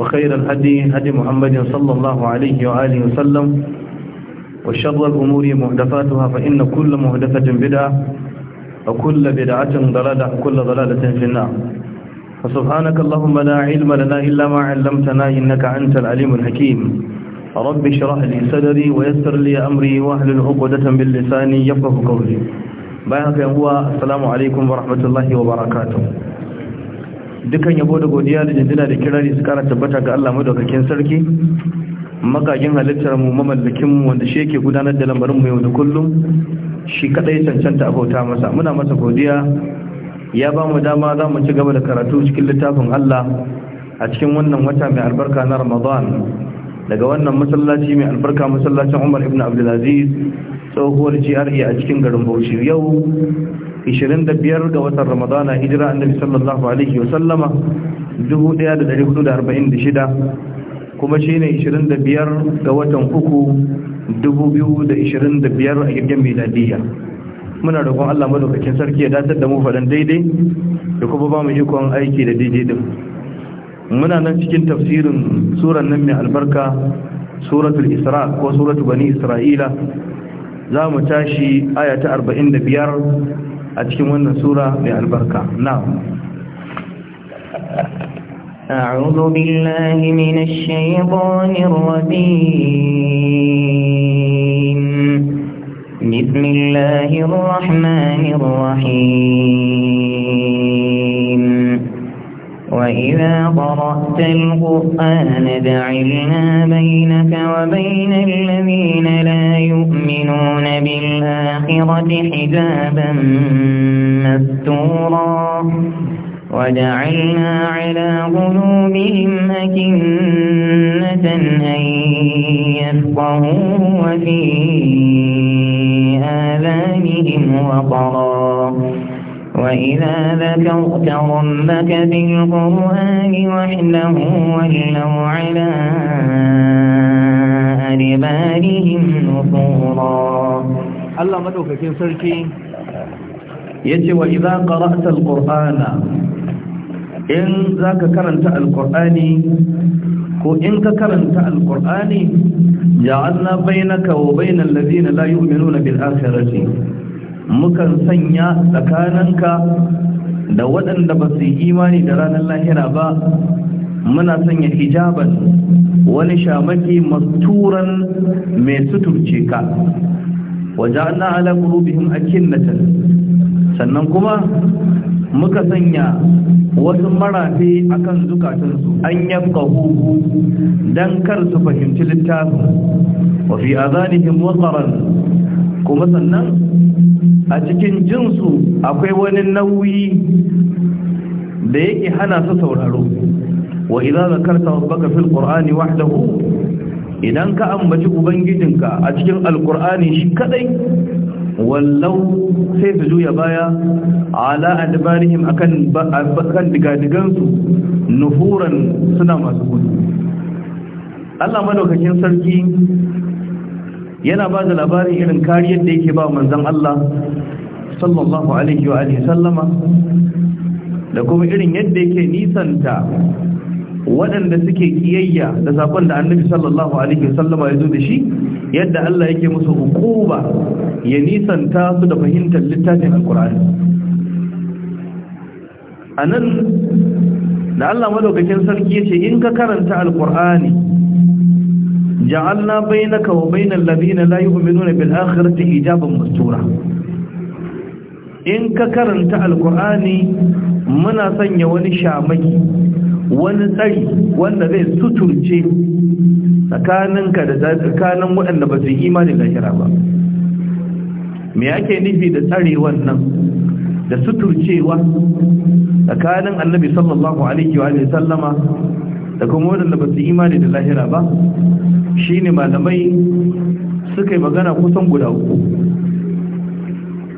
وخير الهدي هدي محمد صلى الله عليه وآله وسلم وشر الأمور مهدفاتها فإن كل مهدفة بدعة وكل بدعة ضلالة وكل ضلالة في النار فسبحانك اللهم لا علم لنا إلا ما علمتنا إنك أنت العليم الحكيم رب اشرح لي صدري ويسر لي أمري وأهل العقدة باللسان يفقه قولي بايعك هو السلام عليكم ورحمة الله وبركاته dukan yabo da godiya da jinjina da kirari su kara tabbata ga Allah madaukakin sarki magagin halittar mu mamallakin mu wanda shi yake gudanar da lamarin mu yau da kullum shi kadai cancanta abota masa muna masa godiya ya ba mu dama za mu ci gaba da karatu cikin littafin Allah a cikin wannan wata mai albarka na Ramadan daga wannan masallaci mai albarka masallacin Umar ibn Abdul Aziz tsohuwar GRA e a cikin garin Bauchi yau 25 ga watan ramadana hijira annabi sallallahu alaihi wa sallama 1446 kuma shine 25 ga watan uku 2025 a girgin miladiya muna roƙon Allah madaukakin sarki ya datar da mu faɗan daidai da kuma ba mu ikon aiki da daidai din muna nan cikin tafsirin suran nan mai albarka suratul isra ko suratul bani isra'ila za mu tashi aya ta 45 a cikin wannan sura mai albarka na'am أعوذ بالله من الشيطان الرجيم بسم الله الرحمن الرحيم وإذا قرأت القرآن جعلنا بينك وبين الذين لا يؤمنون بالآخرة حجابا مستورا وجعلنا على قلوبهم أكنة أن يفقهوه وفي آذانهم وقرا وإذا ذكرت ربك بالقرآن وحده ولوا على أدبارهم نفورا الله مدعوك كيف سركي يجي وإذا قرأت القرآن إن ذاك كرنت القرآن وإن كرنت القرآن جعلنا بينك وبين الذين لا يؤمنون بالآخرة mukan sanya tsakaninka da waɗanda ba su yi imani da ranar lahira ba muna sanya hijaban wani shamaki masturan mai suturce ka waje an ala qulubihim akinnatan sannan kuma muka sanya wasu marafi akan zukatansu an yafqahu don kar su fahimci littafin wafi a adanihim waqaran kuma sannan a cikin jinsu akwai wani nauyi da yake hana su sauraro wa idan zakarta rabbaka fil qur'ani wahdahu idan ka ambaci ubangijinka a cikin alqur'ani shi kadai wallau sai su juya baya ala adbarihim akan akan digadigansu nufuran suna masu gudu Allah madaukakin sarki yana ba da labarin irin kariyar da yake ba manzan Allah sallallahu alaihi wa alihi sallama da kuma irin yadda yake nisanta waɗanda suke kiyayya da sakon da annabi sallallahu alaihi wa sallama ya zo da shi yadda Allah yake musu hukuma ya nisanta su da fahimtar littafin alkur'ani anan da Allah madaukakin sarki yace in ka karanta alkur'ani جعلنا بينك وبين الذين لا يؤمنون بالآخرة إجابا مستورا إنك كرنت in ka karanta alkur'ani muna sanya wani shamaki wani tsari wanda zai suturce tsakaninka da tsakanin waɗanda ba su yi imanin lahira ba me ake nufi da tsare wannan da suturcewa tsakanin annabi sallallahu alaihi wa sallama da kuma waɗanda ba su imani da lahira ba ne malamai suka yi magana kusan guda uku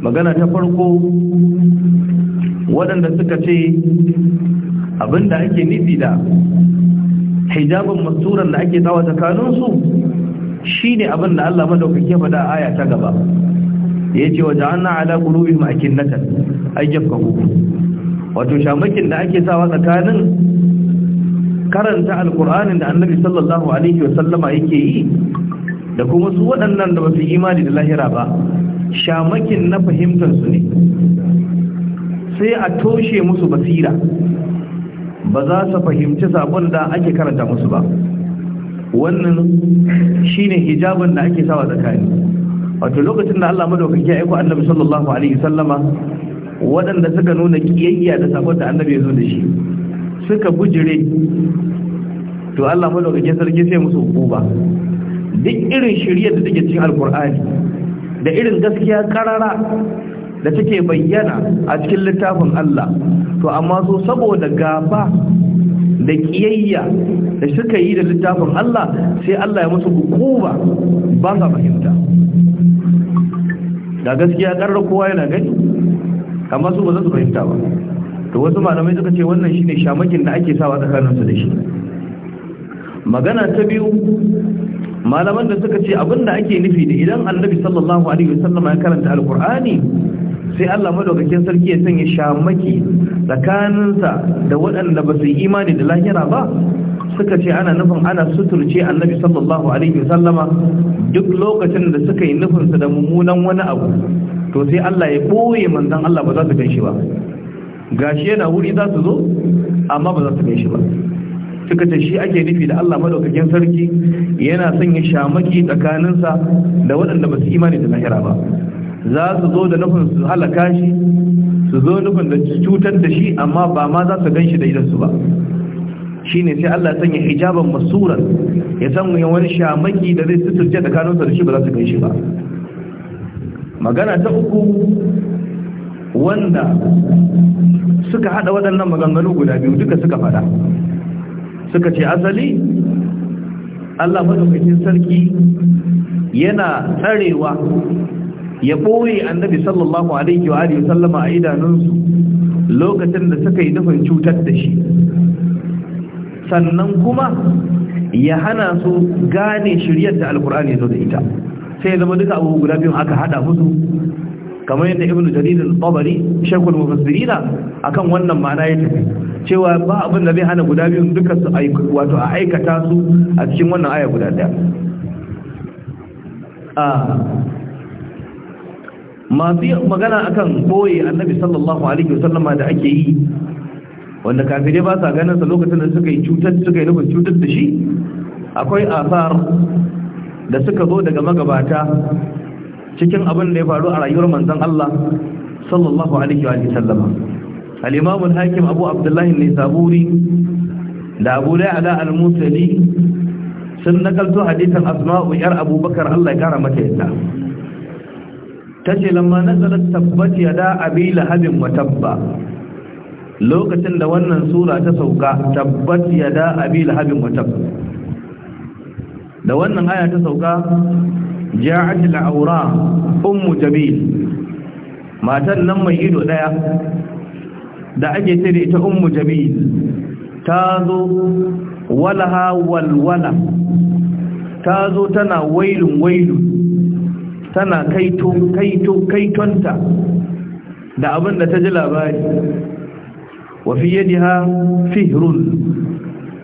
magana ta farko waɗanda suka ce abinda ake nufi da hijabin masturan da ake tsawa tsakaninsu ne abin da Allah madaukake fada a aya ta gaba Ya ce, yace waja'alna ala ma'akin akinnatan ayyafka hukun wato shamakin da ake sawa tsakanin karanta alkur'anin da annabi sallallahu alaihi wasallama yake yi da kuma su waɗannan da basu imani da lahira ba shamakin na fahimtarsu ne sai a toshe musu basira ba za su fahimci sabon da ake karanta musu ba wannan shine hijabin da ake sawa tsakani wato lokacin da Allah madaukaki ya aika annabi sallallahu alaihi wasallama waɗanda suka nuna kiyayya da sabon da annabi ya zo da shi suka bujire to Allah madaukakin sarki sai musu guba duk irin shirya da take cikin alkur'ani da irin gaskiya karara da take bayyana a cikin littafin Allah to amma so saboda gaba da kiyayya da suka yi da littafin Allah sai Allah ya musu hukuma ba sa fahimta da gaskiya karara kowa yana gani amma su ba za su fahimta ba to wasu malamai suka ce wannan shine shamakin da ake sawa tsakanin su da shi magana ta biyu malaman da suka ce abin da ake nufi da idan annabi sallallahu alaihi wasallam ya karanta alkur'ani sai Allah madaukakin sarki ya sanya shamaki tsakaninsa da waɗanda ba su yi imani da lahira ba suka ce ana nufin ana suturce annabi sallallahu alaihi wasallama duk lokacin da suka yi nufinsa da mummunan wani abu to sai Allah ya boye manzon Allah ba za su gan shi ba gashi yana wuri za su zo amma ba za su gan shi ba suka ce shi ake nufi da Allah madaukakin sarki yana son ya shamaki tsakaninsa da waɗanda ba su imani da lahira ba za su zo da nufin su halaka shi su zo nufin da cutar da shi amma ba ma za su gan shi da idansu ba shi ne sai Allah sanya hijaban masurar ya mu wani shamaki da zai suturce tsakaninsa da shi ba za su gan shi ba magana ta uku wanda suka hada waɗannan maganganu guda biyu duka suka fada suka ce asali Allah madaukakin sarki yana tsarewa ya ɓoye annabi sallallahu alaihi wa alihi sallama a idanunsu lokacin da suka yi nufin cutar da shi sannan kuma ya hana su gane shiryar da alkur'ani zo da ita sai zama duka abubuwa guda biyu aka hada musu kamar yadda ibnu jarir al-tabari shaykhul mufassirin akan wannan ma'ana ya tafi cewa ba abin da zai hana guda biyun duka su wato a aikata su a cikin wannan aya guda daya a masu magana akan boye annabi sallallahu alaihi wasallama da ake yi wanda kafirai ba sa ganin sa lokacin da suka yi cutar suka yi nufin cutar da shi akwai asar da suka zo daga magabata cikin abin da ya faru a rayuwar manzon Allah sallallahu alaihi wa sallama al-imam al-hakim abu abdullah an-nisaburi da abu ala al-musali sun nakalto hadithan asma'u yar abubakar Allah ya kara mata yadda tace lamma nazalat tabbat yada abi lahabin wa tabba lokacin da wannan sura ta sauka tabbat yada abi lahabin wa tabba da wannan aya ta sauka ja'at al-awra ummu jamil matan nan mai ido daya da ake ce da ita ummu jamil ta zo walaha walwala ta zo tana wailun wailun tana kaito kaito kaitonta da abin da ta ji labari wa fi yadiha fihrun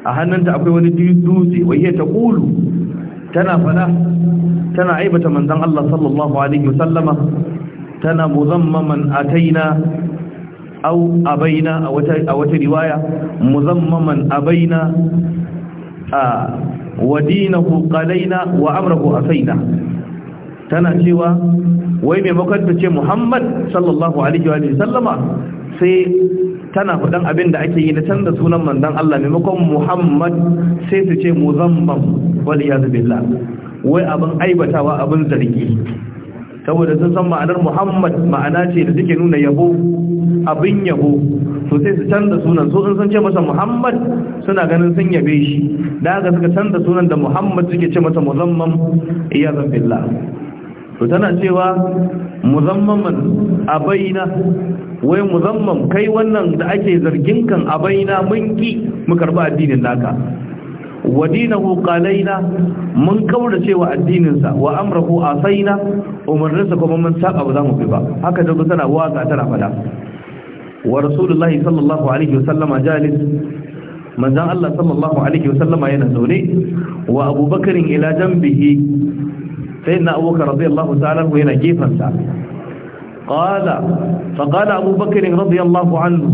a hannunta akwai wani dutse wa ta kulu? tana fada tana aibata manzon Allah sallallahu alaihi wasallama tana muzammaman ataina aw abaina a wata a wata riwaya muzammaman abaina a wadinahu qalaina wa amrahu asaina tana cewa wai maimakon ta ce Muhammad sallallahu alaihi wa sallama sai tana faɗan abin da ake yi na canza sunan manzon Allah maimakon Muhammad sai su ce muzammam wal billah wai abin aibatawa abin zargi saboda sun san ma'anar muhammad ma'ana ce da suke nuna yabo abin yabo to sai su canza sunan so in sun ce masa muhammad suna ganin sun yabe shi da haka suka canza sunan da muhammad suke ce masa muzamman iya zafilla to tana cewa muzamman abaina wai muzamman kai wannan da ake zargin kan abaina mun ki mu karba addinin naka wa dinahu qalaina mun kaura cewa addininsa wa amrahu asaina umarninsa kuma mun saba ba za mu bi ba haka da tana waza tana fada wa rasulullahi sallallahu alaihi wasallama jalis manzon Allah sallallahu alaihi wasallama yana zaune wa abubakarin ila janbihi sayyidina abubakar radiyallahu ta'ala yana gefansa qala fa qala abubakarin radiyallahu anhu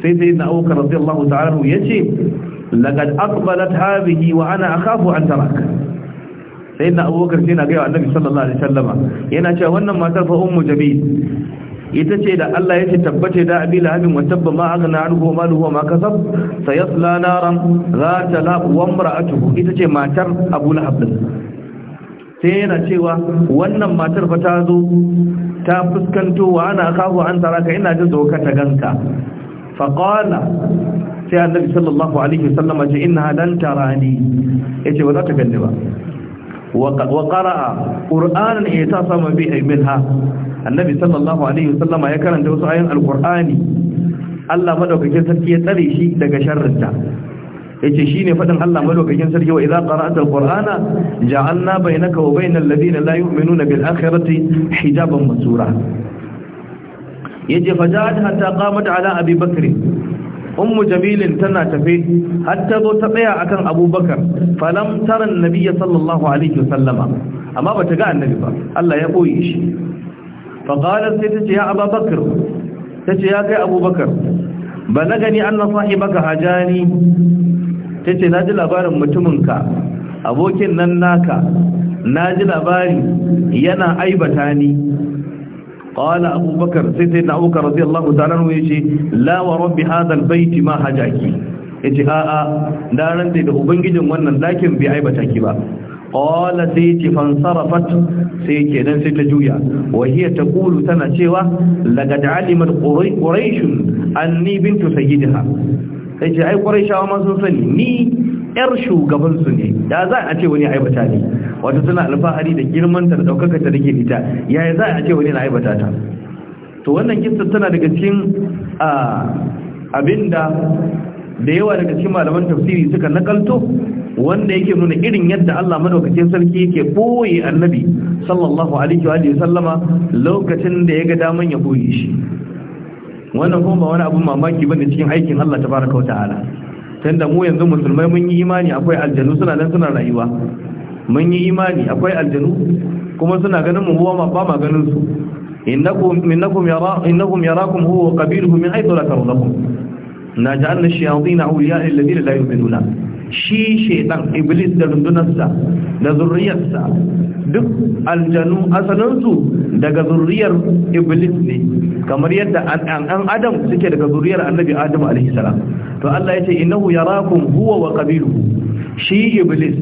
sayyidina abubakar radiyallahu ta'ala yace laqad aqbalat hadhihi wa ana akhafu an taraka sayyidina abubakar sai na ga annabi sallallahu alaihi wasallama yana cewa wannan matar fa ummu jamil ita ce da Allah ya ce tabbace da abi lahabin wa tabba ma aghna anhu maluhu wa ma kasab sayasla naran zata lab wa imra'atuhu ita ce matar abu lahab sai yana cewa wannan matar fa ta zo ta fuskanto wa ana kafu an taraka ina jin tsoka ta ganka faqala sai annabi sallallahu alaihi wasallam ya ce inna lan tarani yace ba za ta ganni ba wa qara'a qur'anan yatasama bi minha annabi sallallahu alaihi wasallam ya karanta wasu ayoyin alqur'ani Allah madaukakin sarki ya tsare shi daga sharrinta yace shine fadin Allah madaukakin sarki wa idza qara'ta alqur'ana ja'alna bainaka wa bainal ladina la yu'minuna bil akhirati hijaban masura yace faja'at hatta qamat ala abi bakr ummu jamilin tana tafe har ta zo ta tsaya akan abubakar falam taran nabiyya sallallahu alaihi wasallama amma bata ga annabi ba Allah ya koyi shi fa qalat sai tace ya abubakar tace ya kai abubakar balagani anna sahibaka hajani tace naji labarin mutuminka abokin nan naka naji labari yana aibata ni qala Abubakar sai sai na abubakar radiyallahu ta'ala ne yace la wa rabbi hadha albayt ma hajaki yace a a da ran da ubangijin wannan dakin bai aibata ki ba qala sai yace fansarafat sai kenan sai ta juya wa ta kulu tana cewa laqad alima quraish anni bintu sayyidaha sai ce ai quraishawa sun sani ni yar shugabansu ne da za a ce wani aibata ne wato tana alfahari da girman ta da daukakar ta dake fita yaya za a ce wani na aibata ta to wannan kissa tana daga cikin abinda da yawa daga cikin malaman tafsiri suka nakalto wanda yake nuna irin yadda Allah madaukake sarki yake boye annabi sallallahu alaihi wa sallama lokacin da yaga daman ya boye shi wannan kuma ba wani abun mamaki bane cikin aikin Allah tabaraka wa ta'ala tunda mu yanzu musulmai mun yi imani akwai aljannu suna nan suna rayuwa mun yi imani akwai aljanu kuma suna ganin mu huwa ma ba ma ganin su innakum innakum yara innakum yarakum huwa qabiluhu min haythu la tarawnakum naj'alna ash-shayatin awliya'a lil la yu'minuna shi ɗan iblis da rundunarsa da zurriyarsa duk aljanu asalinsu daga zurriyar iblis ne kamar yadda an adam suke daga zurriyar annabi adam alaihissalam to Allah ya ce innahu yarakum huwa wa qabiluhu shi iblis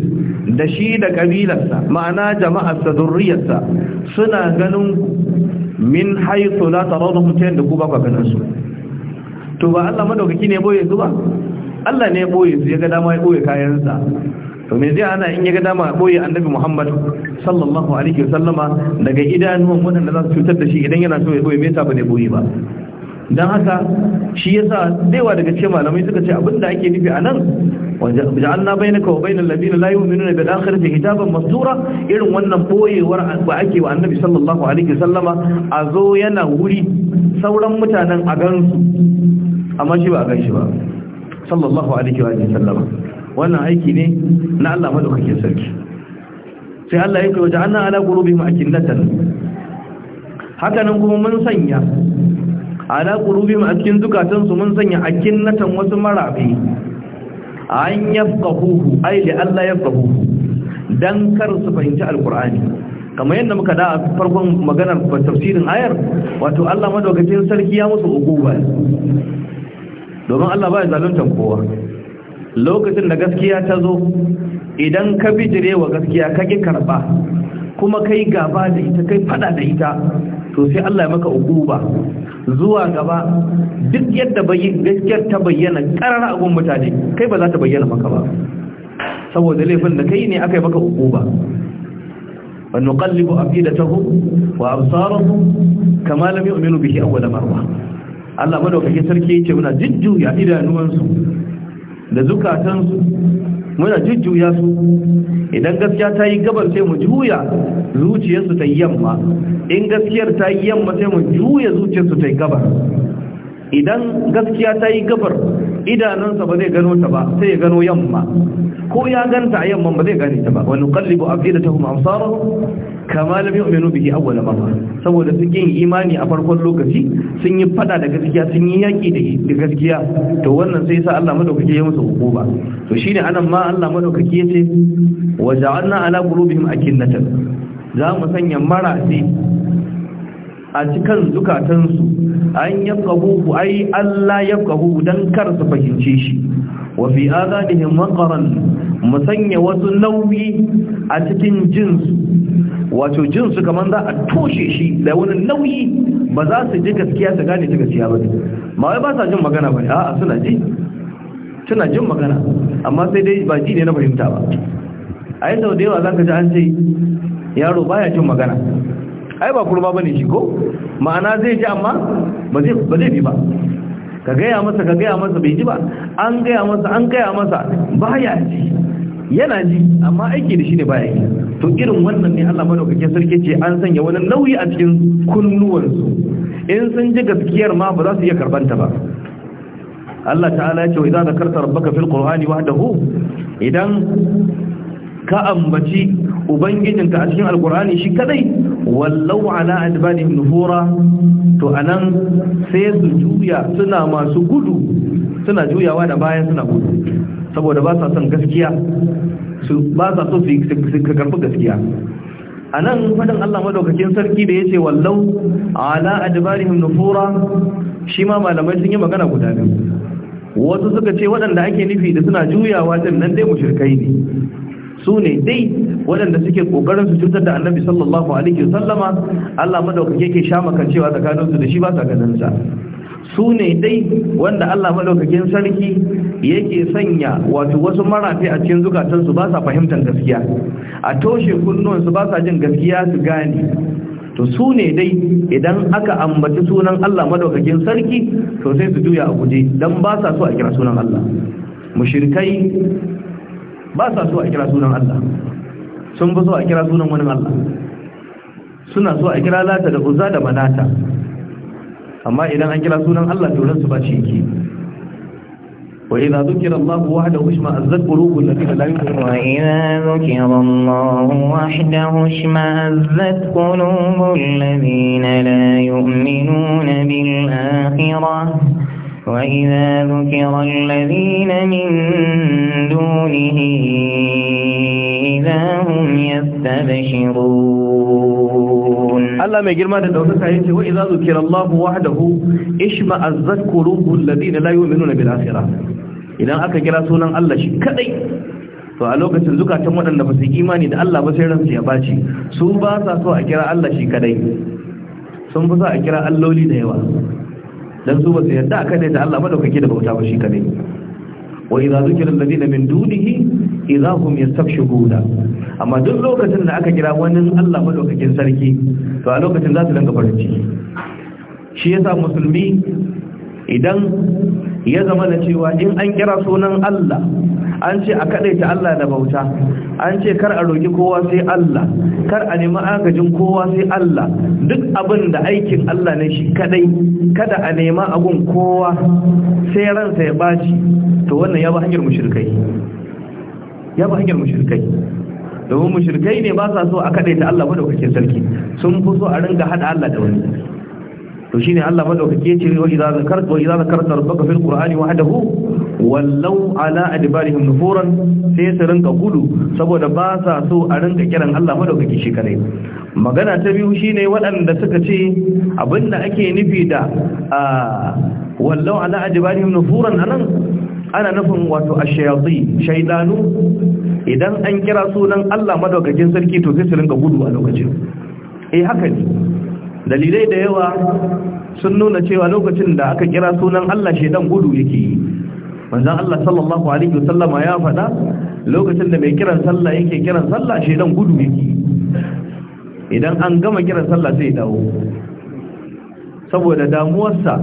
da shi da kabilarsa ma'ana jama'arsa zurriyarsa suna ganin min haythu la tarawhum tayyib ku ba ku ganin su to ba Allah madaukaki ne boye su ba Allah ne ya boye su ya ga dama ya boye kayansa to me zai ana in ya ga dama boye annabi Muhammad sallallahu alaihi wasallama daga idanuwan da za su cutar da shi idan yana so ya boye me yasa ba ne boye ba dan haka shi yasa daiwa daga cikin malamai suka ce abinda ake nufi anan waja'alna bainaka wa bainal ladina la yu'minuna bil akhirati hitaban mastura irin wannan boyewar ba ake wa annabi sallallahu alaihi wasallama a zo yana wuri sauran mutanen a gansu amma shi ba a gan shi ba sallallahu alaihi wa sallam wannan aiki ne na Allah madaukakin sarki sai Allah yake waje anna ala qulubihim akillatan haka nan kuma mun sanya ala qulubihim a cikin zukatan su mun sanya akillatan wasu marabi an yafqahu ai li Allah yafqahu dan kar su fahimci alqur'ani kamar yadda muka da farkon maganar tafsirin ayar wato Allah madaukakin sarki ya musu uguba domin Allah ba ya zalunta kowa lokacin da gaskiya ta zo idan ka bijire wa gaskiya ka ƙi karba kuma kai gaba da ita kai faɗa da ita to sai Allah ya maka ukuba zuwa gaba duk yadda gaskiyar ta bayyana karara abun mutane kai ba za ta bayyana maka ba saboda laifin da kai ne aka yi maka ta hu, wa وأبصارهم كما لم يؤمنوا به أول مرة Allah madaukakin sarki yake muna jujjuya idanuwansu da zukatansu muna jujjuya su idan gaskiya ta yi gabar sai mu juya zuciyarsu ta yamma in gaskiyar ta yi yamma sai mu juya zuciyarsu ta gabar idan gaskiya ta yi gabar idanunsa ba zai gano ta ba sai ya gano yamma ko ya ganta a yamman ba zai gane ta ba wani kallibu a fiye da tahun amsararru kama lam yu'minu bihi awwal marra saboda sun yi imani a farkon lokaci sun yi fada da gaskiya sun yi yaki da gaskiya to wannan sai sa Allah madaukake ya musu hukuma to shine anan ma Allah madaukake yace wa ja'alna ala qulubihim akinnatan za mu sanya marasi a cikin zukatansu an yafqahu ai Allah yafqahu dan kar su fahimce shi wa fi adanihim waqaran mu sanya wasu nauyi a cikin jinsu wato jinsu kamar za a toshe shi da wani nauyi ba za su ji gaskiya su gane ta gaskiya ba ma wai ba sa jin magana ba a suna ji suna jin magana amma sai dai ba ji ne na fahimta ba a yi sau da yawa za ka ji an ce yaro baya jin magana ai ba kurma bane shi ko ma'ana zai ji amma ba zai ba zai bi ba ka gaya masa ka gaya masa bai ji ba an gaya masa an gaya masa baya ji yana ji amma aiki da shi ne baya yi to irin wannan ne Allah madaukakin sarki ce an sanya wani nauyi a cikin kunnuwansu in sun ji gaskiyar ma ba za su iya karbanta ba Allah ta'ala ya ce wa idza zakarta rabbaka fil qur'ani wahdahu idan ka ambaci ubangijinka a cikin alkur'ani shi kadai wallau ala adbani nufura to anan sai su juya suna masu gudu suna juyawa da bayan suna gudu saboda ba sa son gaskiya su ba sa so su karfi gaskiya a nan faɗin Allah madaukakin sarki da ya ce wallau ala adbarihim nufura shi ma malamai sun yi magana guda biyu wasu suka ce waɗanda ake nufi da suna juyawa din nan dai mushrikai ne su ne dai waɗanda suke ƙoƙarin su cutar da annabi sallallahu alaihi wasallama Allah madaukake yake sha makancewa tsakaninsu da shi ba sa ganin sa su ne dai wanda Allah madaukakin sarki yake sanya wato wasu marafi a cikin zukatansu ba sa fahimtar gaskiya a toshe kunnuwansu ba sa jin gaskiya su gane to su ne dai idan aka ambaci sunan Allah madaukakin sarki to sai su juya a guje dan ba sa so a kira sunan Allah mushrikai ba sa so a kira sunan Allah sun ba so a kira sunan wani Allah suna so a kira lata da uzza da manata amma idan an kira sunan Allah to ransu ba shi yake وإذا ذكر الله وحده اشمأزت قلوب الذين لا يؤمنون وإذا ذكر الله وحده اشمأزت قلوب الذين لا يؤمنون بالآخرة وإذا ذكر الذين من دونه إذا هم يستبشرون Allah mai girma da daukaka yace wa idza zukira Allahu wahdahu ishma'azzat qulubul ladina la yu'minuna bil akhirah idan aka kira sunan Allah shi kadai to a lokacin zukatan waɗanda ba su yi imani da Allah ba sai ransu ya baci su ba sa so a kira Allah shi kadai sun fi so a kira alloli da yawa dan su ba su yarda a kadai da Allah madaukake da bauta ba shi kadai وإذا ذكر الذين من دونه إذا هم يستبشرون Amma duk lokacin da aka kira wani Allah madaukakin sarki to a lokacin za su danka farin ciki shi yasa musulmi idan ya zama na cewa in an kira sunan Allah an ce a kadaita Allah da bauta an ce kar a roki kowa sai Allah kar a nemi agajin kowa sai Allah duk abin da aikin Allah ne shi kadai kada a nema agun kowa sai ransa ya baci to wannan ya ba hanyar mushrikai ya ba hanyar mushrikai domin mushrikai ne ba sa so a kadaita Allah madaukakin sarki sun fi so a ringa hada Allah da wani to shine Allah madaukake ya cire wa idza zakarta wa idza zakarta rabbaka fil qur'ani wahdahu wallau ala adbarihim nufuran sai su rinka gudu saboda ba sa so a rinka kiran Allah madaukake shi kare magana ta biyu shine waɗanda suka ce abinda ake nufi da wallau ala adbarihim nufuran anan ana nufin wato ashayati shaydanu idan an kira sunan Allah madaukakin sarki to sai su rinka gudu a lokacin eh haka ne dalilai da yawa sun nuna cewa lokacin da aka kira sunan Allah shedan gudu yake yi manzon Allah sallallahu alaihi wasallama ya faɗa lokacin da mai kiran sallah yake kiran sallah shedan gudu yake idan an gama kiran sallah sai dawo saboda damuwarsa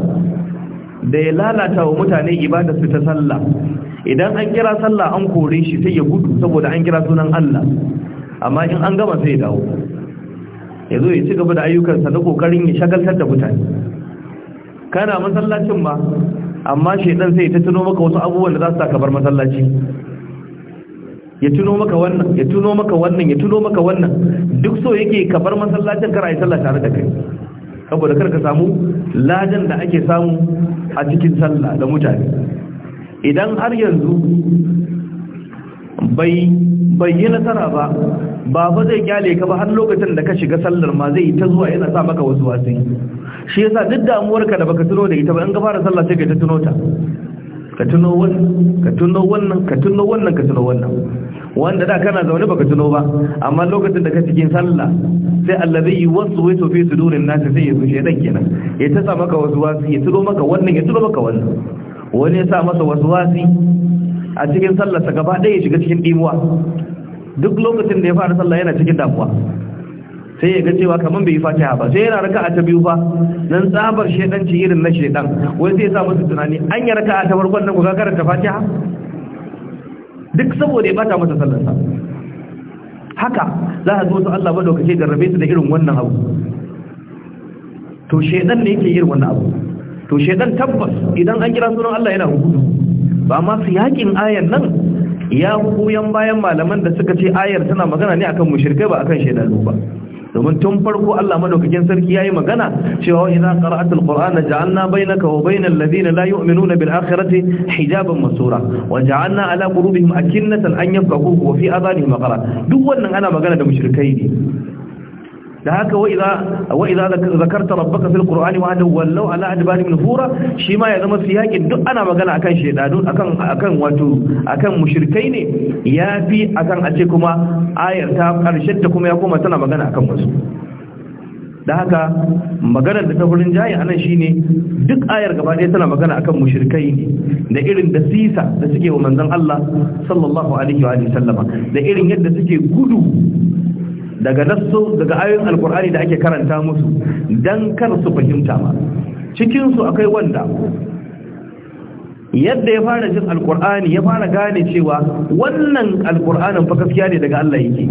da ya lalata wa mutane ibada su ta sallah idan an kira sallah an kore shi sai ya gudu saboda an kira sunan Allah amma in an gama sai dawo ya zo ya ci gaba da ayyukansa na kokarin ya shagaltar da mutane kana masallacin ba amma shaidan sai ta tuno maka wasu abubuwan da za su saka bar masallaci ya tuno maka wannan ya tuno maka wannan ya tuno maka wannan duk so yake ka bar masallacin kar yi sallah tare da kai saboda kar ka samu ladan da ake samu a cikin sallah da mutane idan har yanzu bai bayyana tara ba ba ba zai kyale ka ba har lokacin da ka shiga sallar ma zai ta zuwa yana sa maka wasu wasin shi yasa duk damuwarka da baka tuno da ita ba in ka fara sallah sai ka ta tuno ta ka tuno wannan ka tuno wannan ka tuno wannan ka tuno wannan wanda da kana zaune baka tuno ba amma lokacin da ka cikin sallah sai allazi yuwaswisu fi sudurin nas sai ya zuce dan kenan ya ta sa maka wasu wasi ya tuno maka wannan ya tuno maka wannan wani ya sa masa wasu wasi a cikin sallar sa gaba ɗaya ya shiga cikin dimuwa duk lokacin da ya fara sallah yana cikin damuwa sai ya ga cewa kaman bai yi fatiha ba sai yana raka'a ta biyu fa nan tsabar shedanci irin na shedan wai sai ya sa musu tunani an yi raka'a ta farkon nan ku karanta fatiha duk saboda ya bata masa sallar sa haka za a zo su Allah ba dokace rabe su da irin wannan abu to shedan ne yake irin wannan abu to shedan tabbas idan an kira sunan Allah yana hukudu ba ma su yakin ayan nan ya goyon bayan malaman da suka ce ayar tana magana ne akan mushrikai ba akan shaidanu ba domin tun farko Allah madaukakin sarki yayi magana cewa idza qara'at alqur'ana ja'alna bainaka wa bainal ladina la yu'minuna bil akhirati hijaban masura wa ja'alna ala qulubihim akinnatan an yafqahu wa fi adanihim qara duk wannan ana magana da mushrikai ne da haka wa idza zakarta rabbaka fil qur'ani wa hadu wallau ala adbari min fura shi ma ya zama siyakin duk ana magana akan shedadu akan akan wato akan mushrikai ne yafi akan ace kuma ayar ta karshen ta kuma ya koma tana magana akan wasu da haka maganar da ta wurin jayi anan shine duk ayar gaba ɗaya tana magana akan mushrikai ne da irin da sisa da suke wa manzon Allah sallallahu alaihi wa sallama da irin yadda suke gudu daga nasso daga ayoyin alkur'ani da ake karanta musu dan kar su fahimta ma cikin su akwai wanda yadda ya fara jin alkur'ani ya fara gane cewa wannan alkur'anin fa gaskiya ne daga Allah yake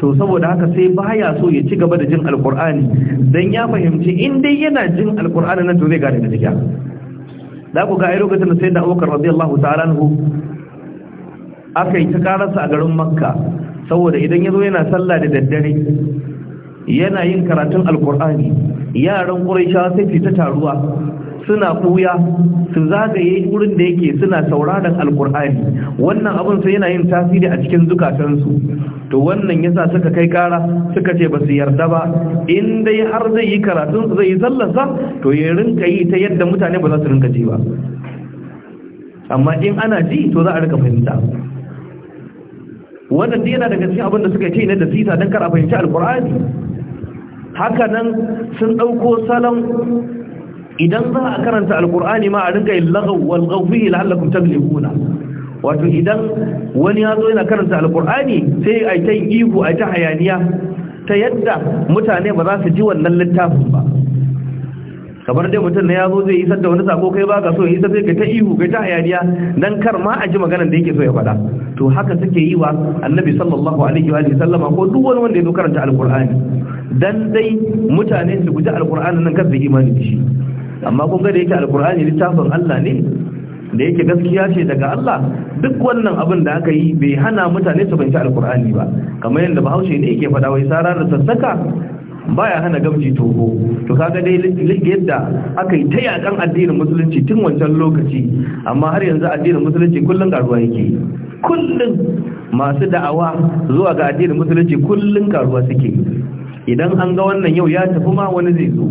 to saboda haka sai baya so ya ci gaba da jin alkur'ani dan ya fahimci in dai yana jin alkur'ani nan to zai gane da gaskiya da ku ga ai lokacin da sayyidina Bakar radiyallahu ta'ala anhu aka ta karasa a garin Makka saboda idan ya zo yana sallah da daddare yana yin karatun alkur'ani yaran ƙuraisha sai fita taruwa suna ɓuya su zagaye wurin da yake suna sauraron alkur'ani wannan abin sai yana yin tasiri a cikin zukatansu to wannan yasa suka kai kara suka ce ba su yarda ba in dai har zai yi karatun zai yi sallarsa to ya rinka yi ta yadda mutane ba za su rinka ji ba amma in ana ji to za a rika fahimta wannan yana daga cikin abin da suka ce ne da sita don kar a fahimci alkur'ani haka nan sun ɗauko salon idan za a karanta alkur'ani ma a rinka yin wal gafi la'allakum wato idan wani ya zo yana karanta alkur'ani sai a ta yi ihu a ta hayaniya ta yadda mutane ba za su ji wannan littafin ba kamar dai mutum na yazo zai isar da wani sako kai baka so isar zai ka ta ihu kai ta hayaniya dan kar ma a ji maganar da yake so ya faɗa to haka suke yi wa annabi sallallahu alaihi wa sallama ko duk wani wanda ya zo karanta alqur'ani dan dai mutane su guji alqur'ani nan kar su imani da shi amma kun ga da yake alqur'ani littafin Allah ne da yake gaskiya ce daga Allah duk wannan abin da aka yi bai hana mutane su banci alkur'ani ba kamar yadda bahaushe ne yake faɗa wai sarar da sassaka baya hana gamji toho to kaga dai yadda aka yi ta yakan addinin musulunci tun wancan lokaci amma har yanzu addinin musulunci kullum karuwa yake kullum masu da'awa zuwa ga addinin musulunci kullum karuwa suke idan an ga wannan yau ya tafi ma wani zai zo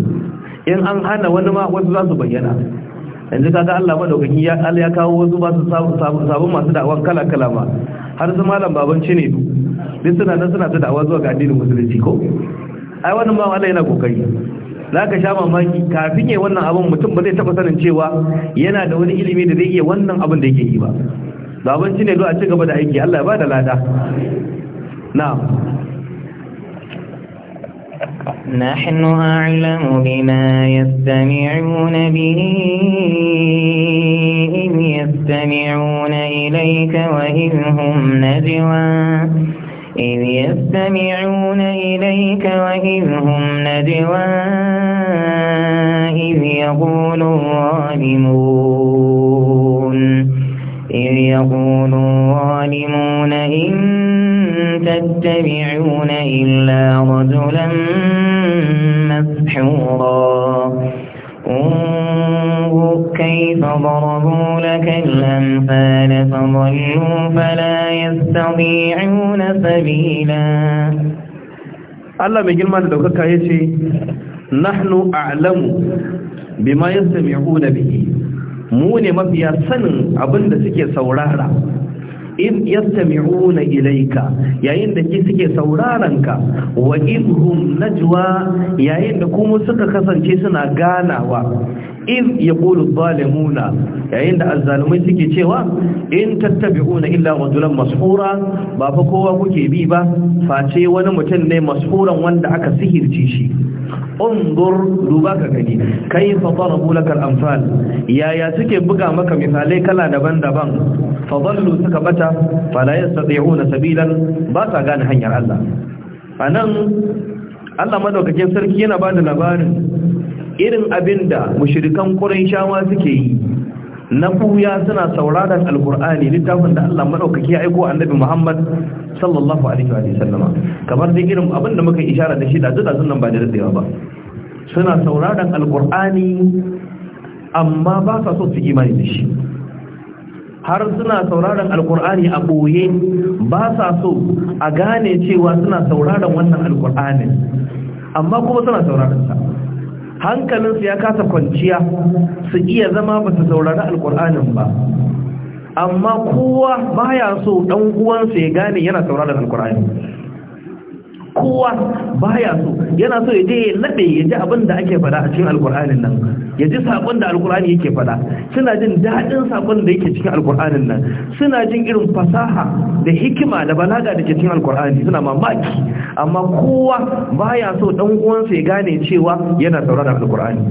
in an hana wani ma wasu za su bayyana yanzu kaga Allah madaukaki ya Allah ya kawo wasu ba su sabon masu da'awan kala kala ma har su malam baban ne duk suna nan suna da'awa zuwa ga addinin musulunci ko ai wannan ba Allah yana kokari za ka sha mamaki kafin yi wannan abin mutum ba zai taɓa sanin cewa yana da wani ilimi da zai iya wannan abin da yake yi ba zaben shi ne zo a ci gaba da aiki Allah ya ba da lada na نحن أعلم بما يستمعون به إذ يستمعون إليك وإذ هم نجوا إذ يستمعون إليك وإذ هم نجوى إذ يقول الظالمون إذ يقول الظالمون إن تتبعون إلا رجلا مسحورا فانظر كيف ضربوا لك الأمثال فضلوا فلا يستطيعون سبيلا الله mai girma da daukaka yace nahnu a'lamu bima yastami'una bihi mu ne mafiya sanin abinda suke saurara in yastami'una ilayka yayin da suke sauraron ka wa yayin da kuma suka kasance suna ganawa iz yaqulu adh-dhalimuna yayin da azzalumai suke cewa in tattabi'una illa rajulan mashhura ba fa kowa kuke bi ba face wani mutum ne mashhuran wanda aka sihirce shi undur duba ka gani kayfa darabu lakal amsal yaya suke buga maka misalai kala daban-daban fa dallu suka bata fa la yastati'una sabilan ba ta gane hanyar Allah anan Allah madaukakin sarki yana bada labarin irin abin da mushirikan mushrikan shawa suke yi na buya suna sauraron alkur'ani littafin da Allah maɗaukaki ya aiko annabi Muhammad sallallahu alaihi wa sallama kamar dai irin abin da muka ishara da shi da zuɗa zunan ba da daddewa ba suna sauraron alkur'ani amma ba sa so su imani da shi har suna sauraron alkur'ani a ɓoye ba sa so a gane cewa suna sauraron wannan alkur'anin amma kuma suna sauraron sa hankalinsu ya kasa kwanciya su iya zama ba su saurari alkur'anin ba amma kowa baya so dan uwansa ya gane yana saurari alkur'ani kowa baya so yana so ya je ya nade ya ji abin da ake fada a cikin alkur'anin nan ya ji sakon da alkur'ani yake faɗa suna jin daɗin sakon da yake cikin alkur'anin nan suna jin irin fasaha da hikima da balaga da ke cikin alkur'ani suna mamaki amma kowa baya so dan uwansa ya gane cewa yana sauraron alkur'ani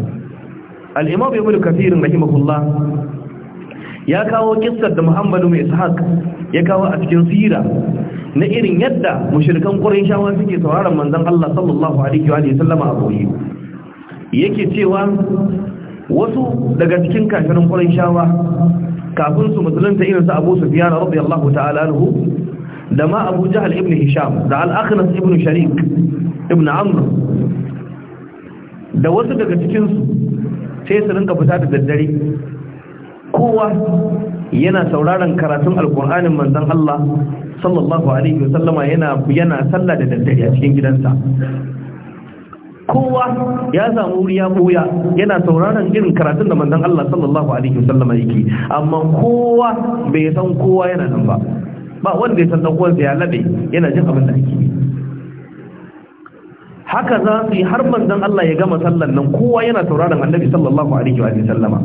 al-imam ibnu kathir rahimahullah ya kawo kissar da muhammadu mai ishaq ya kawo a cikin sira na irin yadda mushrikan qurayshawa suke sauraron manzon Allah sallallahu alaihi wa sallama a boye yake cewa wasu daga cikin kafirin shawa, kafin su musulunta irin su Abu Sufyan radiyallahu ta'ala anhu da ma Abu Jahl ibn Hisham da Al-Akhnas ibn Sharik ibn Amr da wasu daga cikin su sai su rinka fita da daddare kowa yana sauraron karatun alkur'anin manzon Allah sallallahu alaihi wasallama yana yana sallah da daddare a cikin gidansa kowa ya samu wuri ya buya yana sauraron irin karatun da manzon Allah sallallahu alaihi wasallam yake amma kowa bai san kowa yana nan ba ba wanda ya san dan uwansa ya labe yana jin abin da ake haka za su yi har manzon Allah ya gama sallan nan kowa yana sauraron annabi sallallahu alaihi wa sallama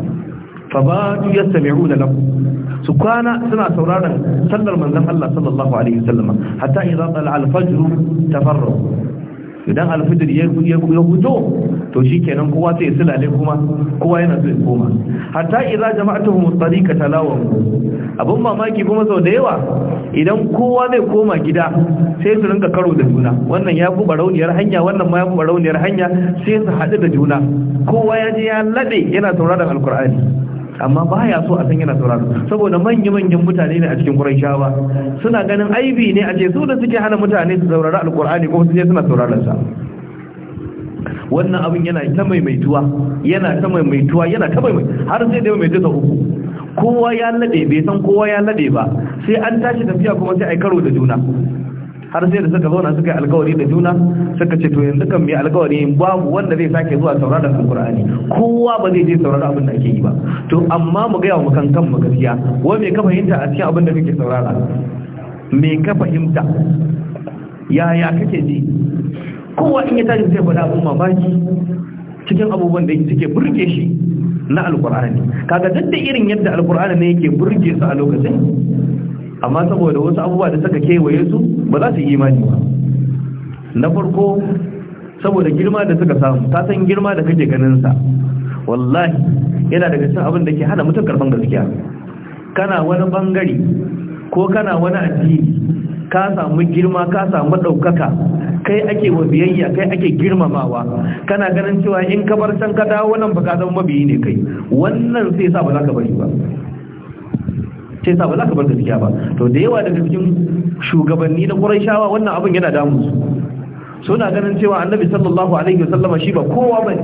fa ba tu yastami'una lahu su kwana suna sauraron sallar manzon Allah sallallahu alaihi wa sallama hatta idza tala al-fajr tafarru idan alfijir ya fito to shi kenan kowa sai lalai kuma kowa yana so ya koma hatta iza jama'atuhu tariqa talawun abun mamaki kuma sau da yawa idan kowa zai koma gida sai su rinka karo da juna wannan ya kuma rauniyar hanya wannan ma ya kuma rauniyar hanya sai su haɗu da juna kowa ya je ya laɗe yana sauraron alkur'ani amma baya so a san yana sauraro saboda manya-manyan mutane ne a cikin Qurayshawa suna ganin aibi ne a ce su da suke hana mutane su saurari alkur'ani ko su je suna sauraron wannan abin yana ta maimaituwa yana ta maimaituwa yana ta maimaitu har sai da maimaitu ta uku kowa ya lade bai san kowa ya lade ba sai an tashi tafiya kuma sai ai karo da juna har sai da suka zauna suka yi alkawari da juna suka ce to yanzu kan mai alkawari babu wanda zai sake zuwa sauraron alkur'ani kowa ba zai je sauraron abin da ake yi ba to amma mu gaya wa kan mu gaskiya wa me ka fahimta a cikin abin da kake saurara me ka fahimta yaya kake ji kowa in ya tashi zai faɗa abin mamaki cikin abubuwan da suke burge shi na alkur'ani kaga duk da irin yadda alkur'ani ne yake burge su a lokacin amma saboda wasu abubuwa da suka kewaye su ba za su yi imani ba na farko saboda girma da suka samu ta san girma da kake ganinsa wallahi yana daga cin abin da ke hana mutum karfan gaskiya kana wani bangare ko kana wani addini ka samu girma ka samu ɗaukaka kai ake wa biyayya kai ake girmamawa kana ganin cewa in ka bar can ka dawo nan ba ka zama mabiyi ne kai wannan sai sa ba za ka bari ba sai sa ba za ka bar gaskiya ba to da yawa daga cikin shugabanni na ƙurayshawa wannan abin yana damu su suna ganin cewa annabi sallallahu alaihi wasallama shi ba kowa bane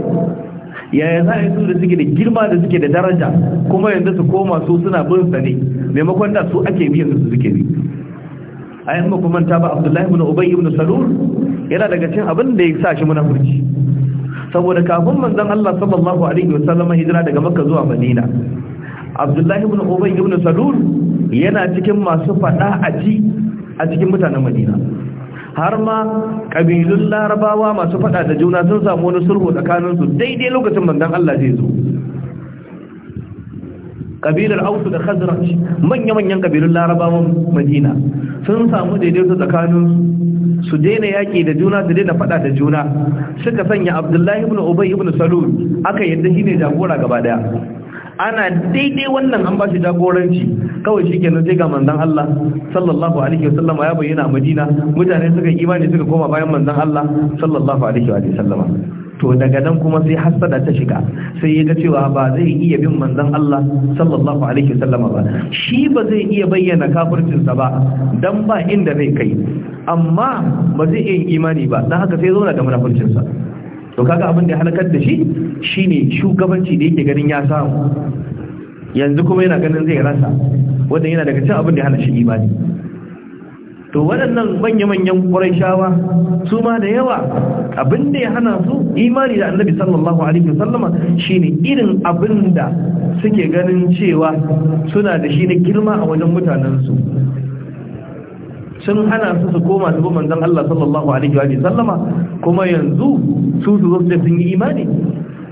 yaya za a yi su da suke da girma da suke da daraja kuma yanzu su koma su suna bin sa ne maimakon da su ake biyan su suke bi a yi kuma ta ba abdullahi ibn ubay ibn salul yana daga cin abin da ya sa shi furci saboda kafin manzon Allah sallallahu alaihi wasallam hijira daga makka zuwa madina abdullahi ibn ubay ibn salul yana cikin masu fada a ji a cikin mutanen madina har ma kabilun larabawa masu fada da juna sun samu wani sulhu tsakanin su daidai lokacin manzon Allah zai zo kabilar Autu da Khazraj manya-manyan kabilun larabawan Madina sun samu daidaito tsakanin su daina yaƙi da juna su daina faɗa da juna suka sanya Abdullahi ibn Ubay ibn Salul aka yadda shine jagora gaba daya ana daidai wannan an ba shi jagoranci kawai shi kenan sai ga manzon Allah sallallahu alaihi wasallam ya bayyana a Madina mutane suka imani suka koma bayan manzon Allah sallallahu alaihi sallama to daga nan kuma sai hasada ta shiga sai ya ga cewa ba zai iya bin manzon Allah sallallahu alaihi wasallama ba shi ba zai iya bayyana kafircinsa ba dan ba inda zai kai amma ba zai iya imani ba dan haka sai zauna da munafurcinsa to kaga abin da halakar da shi shine shugabanci da yake ganin ya samu yanzu kuma yana ganin zai rasa wanda yana daga cin abin da hana shi imani to waɗannan manya-manyan ƙuraishawa su ma da yawa abin da ya hana su imani da annabi sallallahu alaihi wasallama shine irin abin da suke ganin cewa suna da shi na girma a wajen mutanensu sun hana su su koma su bin manzon Allah sallallahu alaihi wa sallama kuma yanzu su su zo sun yi imani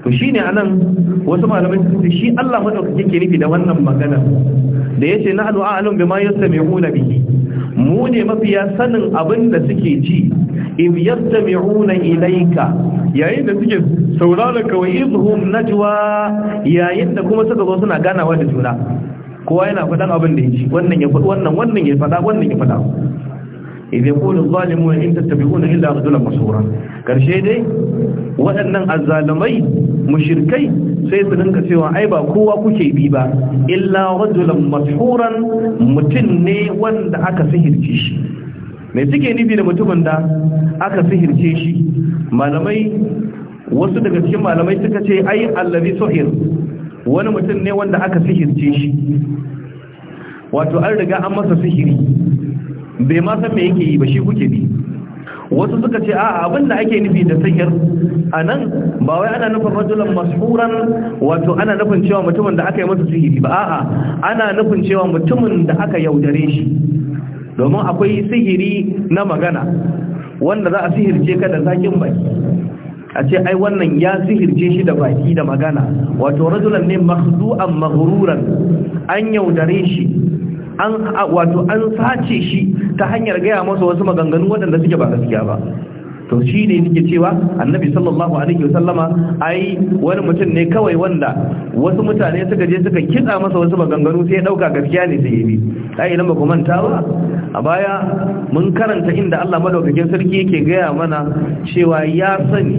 to shine anan wasu malamai sun ce shi Allah madaukake ke nufi da wannan magana da yace nahnu a'lamu bima yastami'una bihi mu ne mafiya sanin abin da suke ji in yastami'una ilayka yayin da suke sauraron ka wa izhum najwa yayin da kuma suka zo suna ganawa da juna kowa yana faɗan abin da yake wannan ya faɗi wannan wannan ya faɗa wannan ya faɗa idan kullu zalimu in tattabi'una illa rajulan masura karshe dai waɗannan azzalimai mushrikai sai su dinka cewa ai ba kowa kuke bi ba illa rajulan mashuran mutum ne wanda aka sihirce shi Me suke nufi da mutumin da aka sihirce shi malamai wasu daga cikin malamai suka ce ai allazi suhir wani mutum ne wanda aka sihirce shi wato an riga an masa sihiri bai ma san me yake yi ba shi kuke bi wasu suka ce a abin ake nufi da sihir a ba wai ana nufin rajulan mashhuran wato ana nufin cewa mutumin da aka yi masa sihiri ba a'a ana nufin cewa mutumin da aka yaudare shi domin akwai sihiri na magana wanda za a sihirce ka da zakin baki a ce ai wannan ya sihirce shi da baki da magana wato rajulan ne makhdu'an maghruran an yaudare shi an wato an sace shi ta hanyar gaya masa wasu maganganu waɗanda suke ba gaskiya ba to shi ne suke cewa annabi sallallahu alaihi wasallama ai wani mutum ne kawai wanda wasu mutane suka je suka kitsa masa wasu maganganu sai ya dauka gaskiya ne sai yi ai idan ku manta ba a baya mun karanta inda Allah madaukakin sarki yake gaya mana cewa ya sani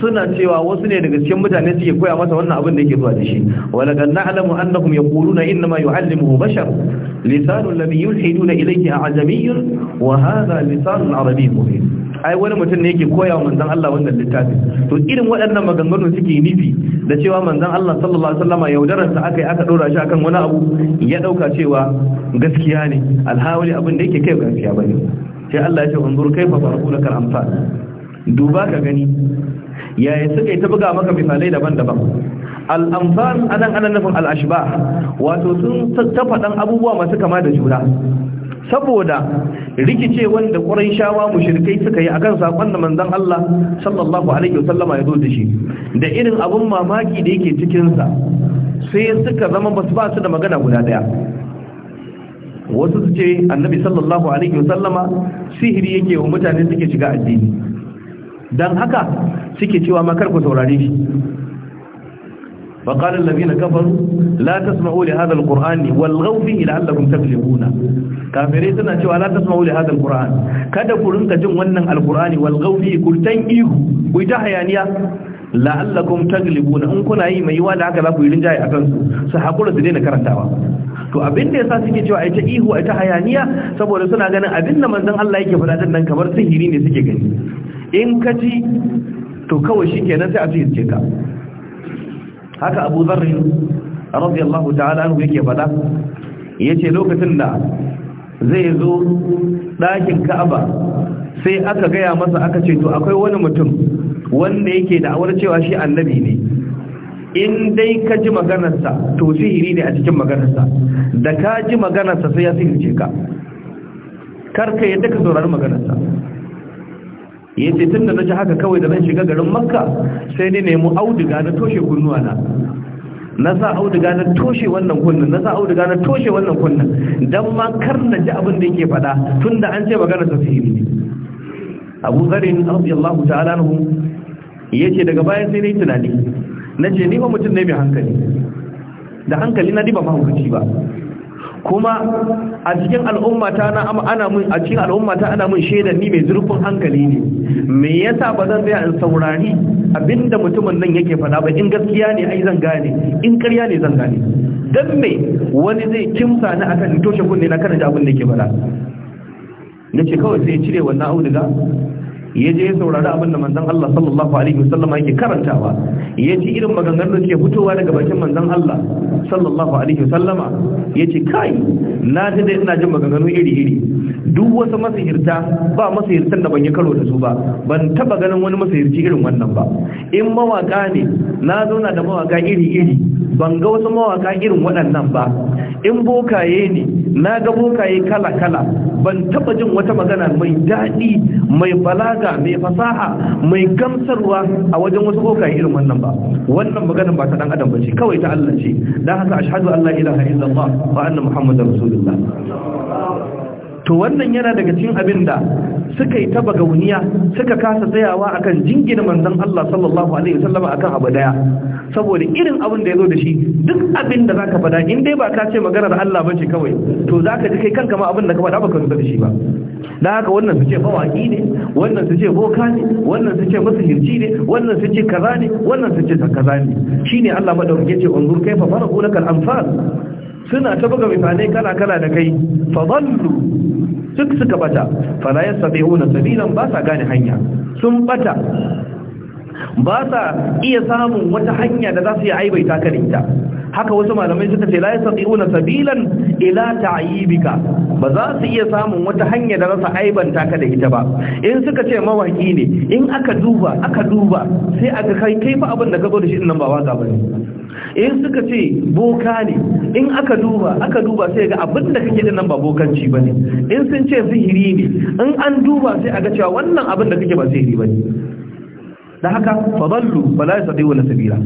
suna cewa wasu ne daga cikin mutane suke koya masa wannan abin da yake zuwa da shi wala kan na'lamu annakum yaquluna inna ma yu'allimuhu bashar lisanu alladhi yulhiduna ilayhi a'jamiyyun wa hadha lisanun arabiyyun mubin ai wani mutum ne yake koya wa manzon Allah wannan littafin to irin waɗannan maganganun suke nufi da cewa manzon Allah sallallahu alaihi wasallam yaudarar sa aka yi aka dora shi akan wani abu ya dauka cewa gaskiya ne alhawali abin da yake kai gaskiya bane sai Allah ya ce unzur kaifa farqulaka al-amsal duba ka gani yaya suka yi ta buga maka misalai daban-daban al al'amfan anan anan al al'ashba wato sun ta faɗan abubuwa masu kama da juna saboda rikice wanda shawa mushrikai suka yi akan sakon da manzon Allah sallallahu alaihi wasallama ya zo da shi da irin abun mamaki da yake cikinsa, sa sai suka zama basu ba su da magana guda daya wasu su ce annabi sallallahu alaihi wasallama sihiri yake wa mutane suke shiga addini dan haka suke cewa makar ku saurare shi فقال الذين كفروا لا تسمعوا لهذا القرآن da فيه لعلكم تفلحون kafirai suna cewa la tasma'u li hadha al-qur'an kada ku rinka jin wannan alqurani wal ghawfi kultan ihu ku ta hayaniya la'allakum taglibuna in kuna yi mai yiwa da haka za ku yi rinjaye a kansu su hakura su daina karantawa to abin da yasa suke cewa ai ta ihu ai ta hayaniya saboda suna ganin abin da manzon Allah yake faɗa din nan kamar sihiri ne suke gani in ka ji to kawai shikenan sai a ce ka haka Abu Dharr radiyallahu ta'ala anhu yake faɗa yace lokacin da zai zo ɗakin ka'aba sai aka gaya masa aka ce to akwai wani mutum wanda yake da awar cewa shi annabi ne in dai ka ji maganarsa to sihiri ne a cikin maganarsa da ka ji maganarsa sai ya sihirce ka karka yadda ka saurari maganarsa ya ce tun da na ji haka kawai da zan shiga garin makka sai ne nemi auduga na toshe kunnuwa na na sa auduga na toshe wannan kunnan na sa auduga na toshe wannan kunnan dan ma kar na ji abin da yake faɗa tunda an ce magana ta sihiri ne Abu Zarin radiyallahu ta'ala anhu yace daga bayan sai nayi tunani nace ni ba mutum ne mai hankali da hankali na diba ba mahaukaci ba kuma a cikin al'ummata na ana mun a cikin al'ummata ana mun shaidar ni mai zurfin hankali ne me yasa ba zan tsaya in saurari abinda mutumin nan yake faɗa ba in gaskiya ne ai zan gane in ƙarya ne zan gane dan me wani zai kimsa ni akan in toshe kunne na kana da abin da yake faɗa ce kawai sai cire wannan auduga ya je ya saurari abin da manzon Allah sallallahu alaihi wasallam yake karantawa ya ce irin maganganu da ke fitowa daga bakin manzon Allah sallallahu alaihi wasallama ya ce kai na ji da ina jin maganganu iri-iri duk wasu masahirta ba masahirtar da ban yi karo da su ba ban taba ganin wani masahirci irin wannan ba in mawaka ne na zauna da mawaka iri-iri ban ga wasu mawaka irin waɗannan ba in bokaye ne na ga bokaye kala-kala ban taba jin wata magana mai daɗi mai balaga mai fasaha mai gamsarwa a wajen wasu bokaye irin wannan ba wannan maganar ba ta dan adam ba ce kawai ta Allah ce dan haka ashhadu an la ilaha illallah wa anna muhammadar rasulullah to wannan yana daga cikin abin da suka yi taba gauniya suka kasa tsayawa akan jingina manzon Allah sallallahu alaihi wasallam akan abu daya saboda irin abin da yazo da shi duk abin da zaka faɗa in dai ba ka ce maganar Allah bace kawai to zaka ji kai kanka ma abin da ka faɗa baka rubuta da shi ba dan haka wannan su ce bawaki ne wannan su ce boka ne wannan su ce masihirci ne wannan su ce kaza ne wannan su ce kaza ne shine Allah madaukake ce unzur kaifa farahu lakal anfal suna ta buga misalai kala-kala da kai fadallu duk suka bata fala yasabiuna sabilan ba sa gane hanya sun bata ba sa iya samun wata hanya da za su yi aibai ta ita haka wasu malamai suka ce la yastati'una sabilan ila ta'yibika ba za su iya samun wata hanya da rasa aibanta ka da ita ba in suka ce mawaki ne in aka duba aka duba sai aka kai kai fa abin da ka zo da shi nan ba waka bane in suka ce boka ne in aka duba aka duba sai ga abin da kake din nan ba bokanci bane in sun ce sihiri ne in an duba sai aga cewa wannan abin da kake ba sihiri bane da haka fadallu ya yasdi wala sabila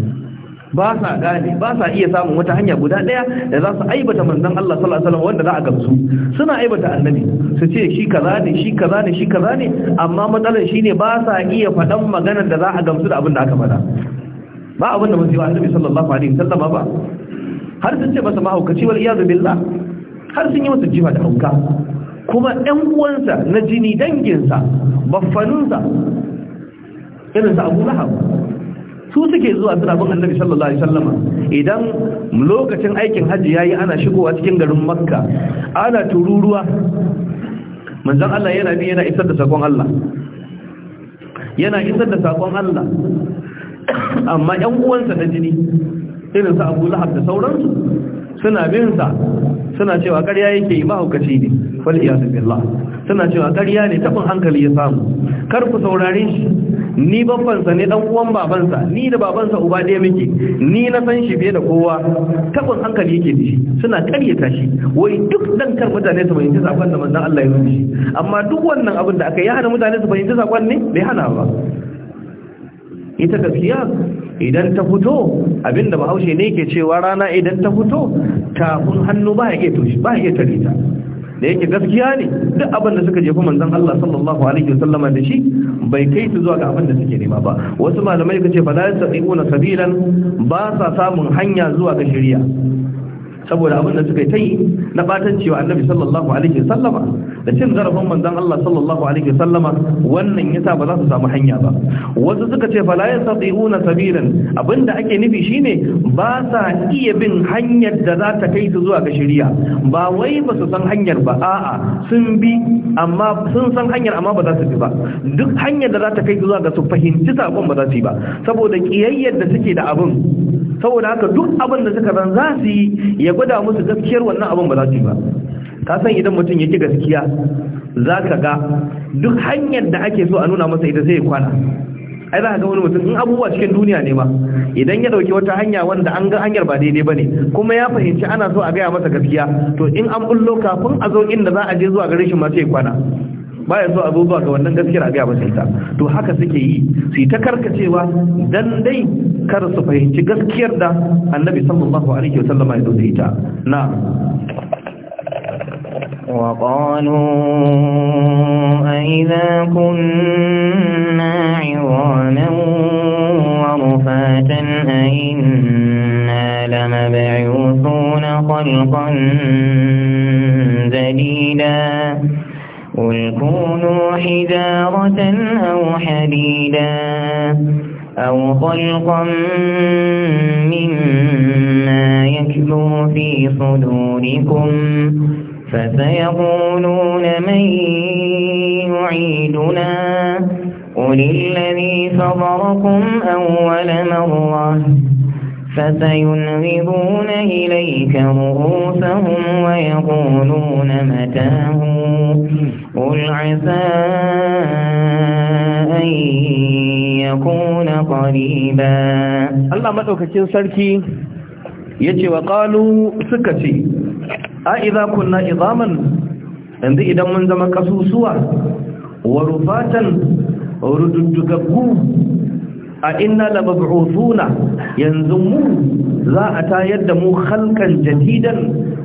ba sa gane ba sa iya samun wata hanya guda daya da za su aibata manzon Allah sallallahu alaihi wasallam wanda za a gamsu suna aibata annabi su ce shi kaza ne shi kaza ne shi kaza ne amma matsalar shine ba sa iya faɗan maganar da za a gamsu da abin da aka faɗa ba abin da yi wa annabi sallallahu alaihi wasallam ba har sun ce masa mahaukaci wal iyad billah har sun yi masa jifa da hauka kuma ɗan uwansa na jini danginsa baffanunsa irin sa Abu Lahab su suke zuwa suna bin annabi sallallahu alaihi wasallam idan lokacin aikin hajji yayi ana shigowa cikin garin Makka ana tururuwa manzon Allah yana bi yana isar da sakon Allah yana isar da sakon Allah amma ‘yan uwansa na jini irin sa abu lahab da sauransu suna binsa suna cewa ƙarya yake yi mahaukaci ne wal iyasu billah suna cewa ƙarya ne tafin hankali ya samu kar ku saurare shi ni babbansa ne dan uwan babansa ni da babansa uba ɗaya muke ni na san shi fiye da kowa tafin hankali yake da shi suna ƙaryata shi wai duk dan kar mutane su fahimci sakon da manzon Allah ya shi. amma duk wannan abin da aka yi hana mutane su fahimci sakon ne bai hana ba ita gaskiya idan ta fito abinda bahaushe ne ke cewa rana idan ta fito tafin hannu ba ya iya toshi ba ya tarita da yake gaskiya ne duk abin da suka jefa manzon Allah sallallahu alaihi wasallam da shi bai kai su zuwa ga abin da suke nema ba wasu malamai kace fa la yastati'una sabilan ba sa samun hanya zuwa ga shari'a saboda abin da suka yi na batanci wa annabi sallallahu alaihi wasallama da cin zarafin manzon Allah sallallahu alaihi wasallama wannan yasa ba za su samu hanya ba wasu suka ce fala yastati'una sabilan abinda ake nufi shine ba sa iya bin hanyar da za ta kai su zuwa ga shari'a ba wai ba su san hanyar ba a'a sun bi amma sun san hanyar amma ba za su bi ba duk hanyar da za ta kai zuwa ga su fahimci sakon ba za su yi ba saboda kiyayyar da suke da abin saboda haka duk abin da suka ran za su yi ya gwada musu gaskiyar wannan abin ba za su yi ba ka san idan mutum yake gaskiya za ka ga duk hanyar da ake so a nuna masa ita zai kwana ai za ka ga wani mutum in abubuwa cikin duniya ne ma idan ya dauki wata hanya wanda an ga hanyar ba daidai ba ne, kuma ya fahimci ana so a gaya masa gaskiya to in an bullo kafin a zo inda za a je zuwa garin shi ma sai kwana baya so a zo zuwa ga wannan gaskiyar a gaya masa ita to haka suke yi su yi ta karkacewa dan dai kar su fahimci gaskiyar da annabi sallallahu alaihi wasallama ya dauke ita na وقالوا أئذا كنا عظاما ورفاتا أئنا لمبعوثون خلقا جديدا قل كونوا حجارة أو حديدا أو خلقا مما يكبر في صدوركم فسيقولون من يعيدنا قل الذي فضركم أول مرة فسينغضون إليك رؤوسهم ويقولون متاه قل عسى أن يكون قريبا الله كثير سركي يجي وقالوا سكتي a idza kunna idaman yanzu idan mun zama kasusuwa wa rufatan rududdugaggu a inna labab'uthuna yanzu mu za a tayar da mu halkan jadidan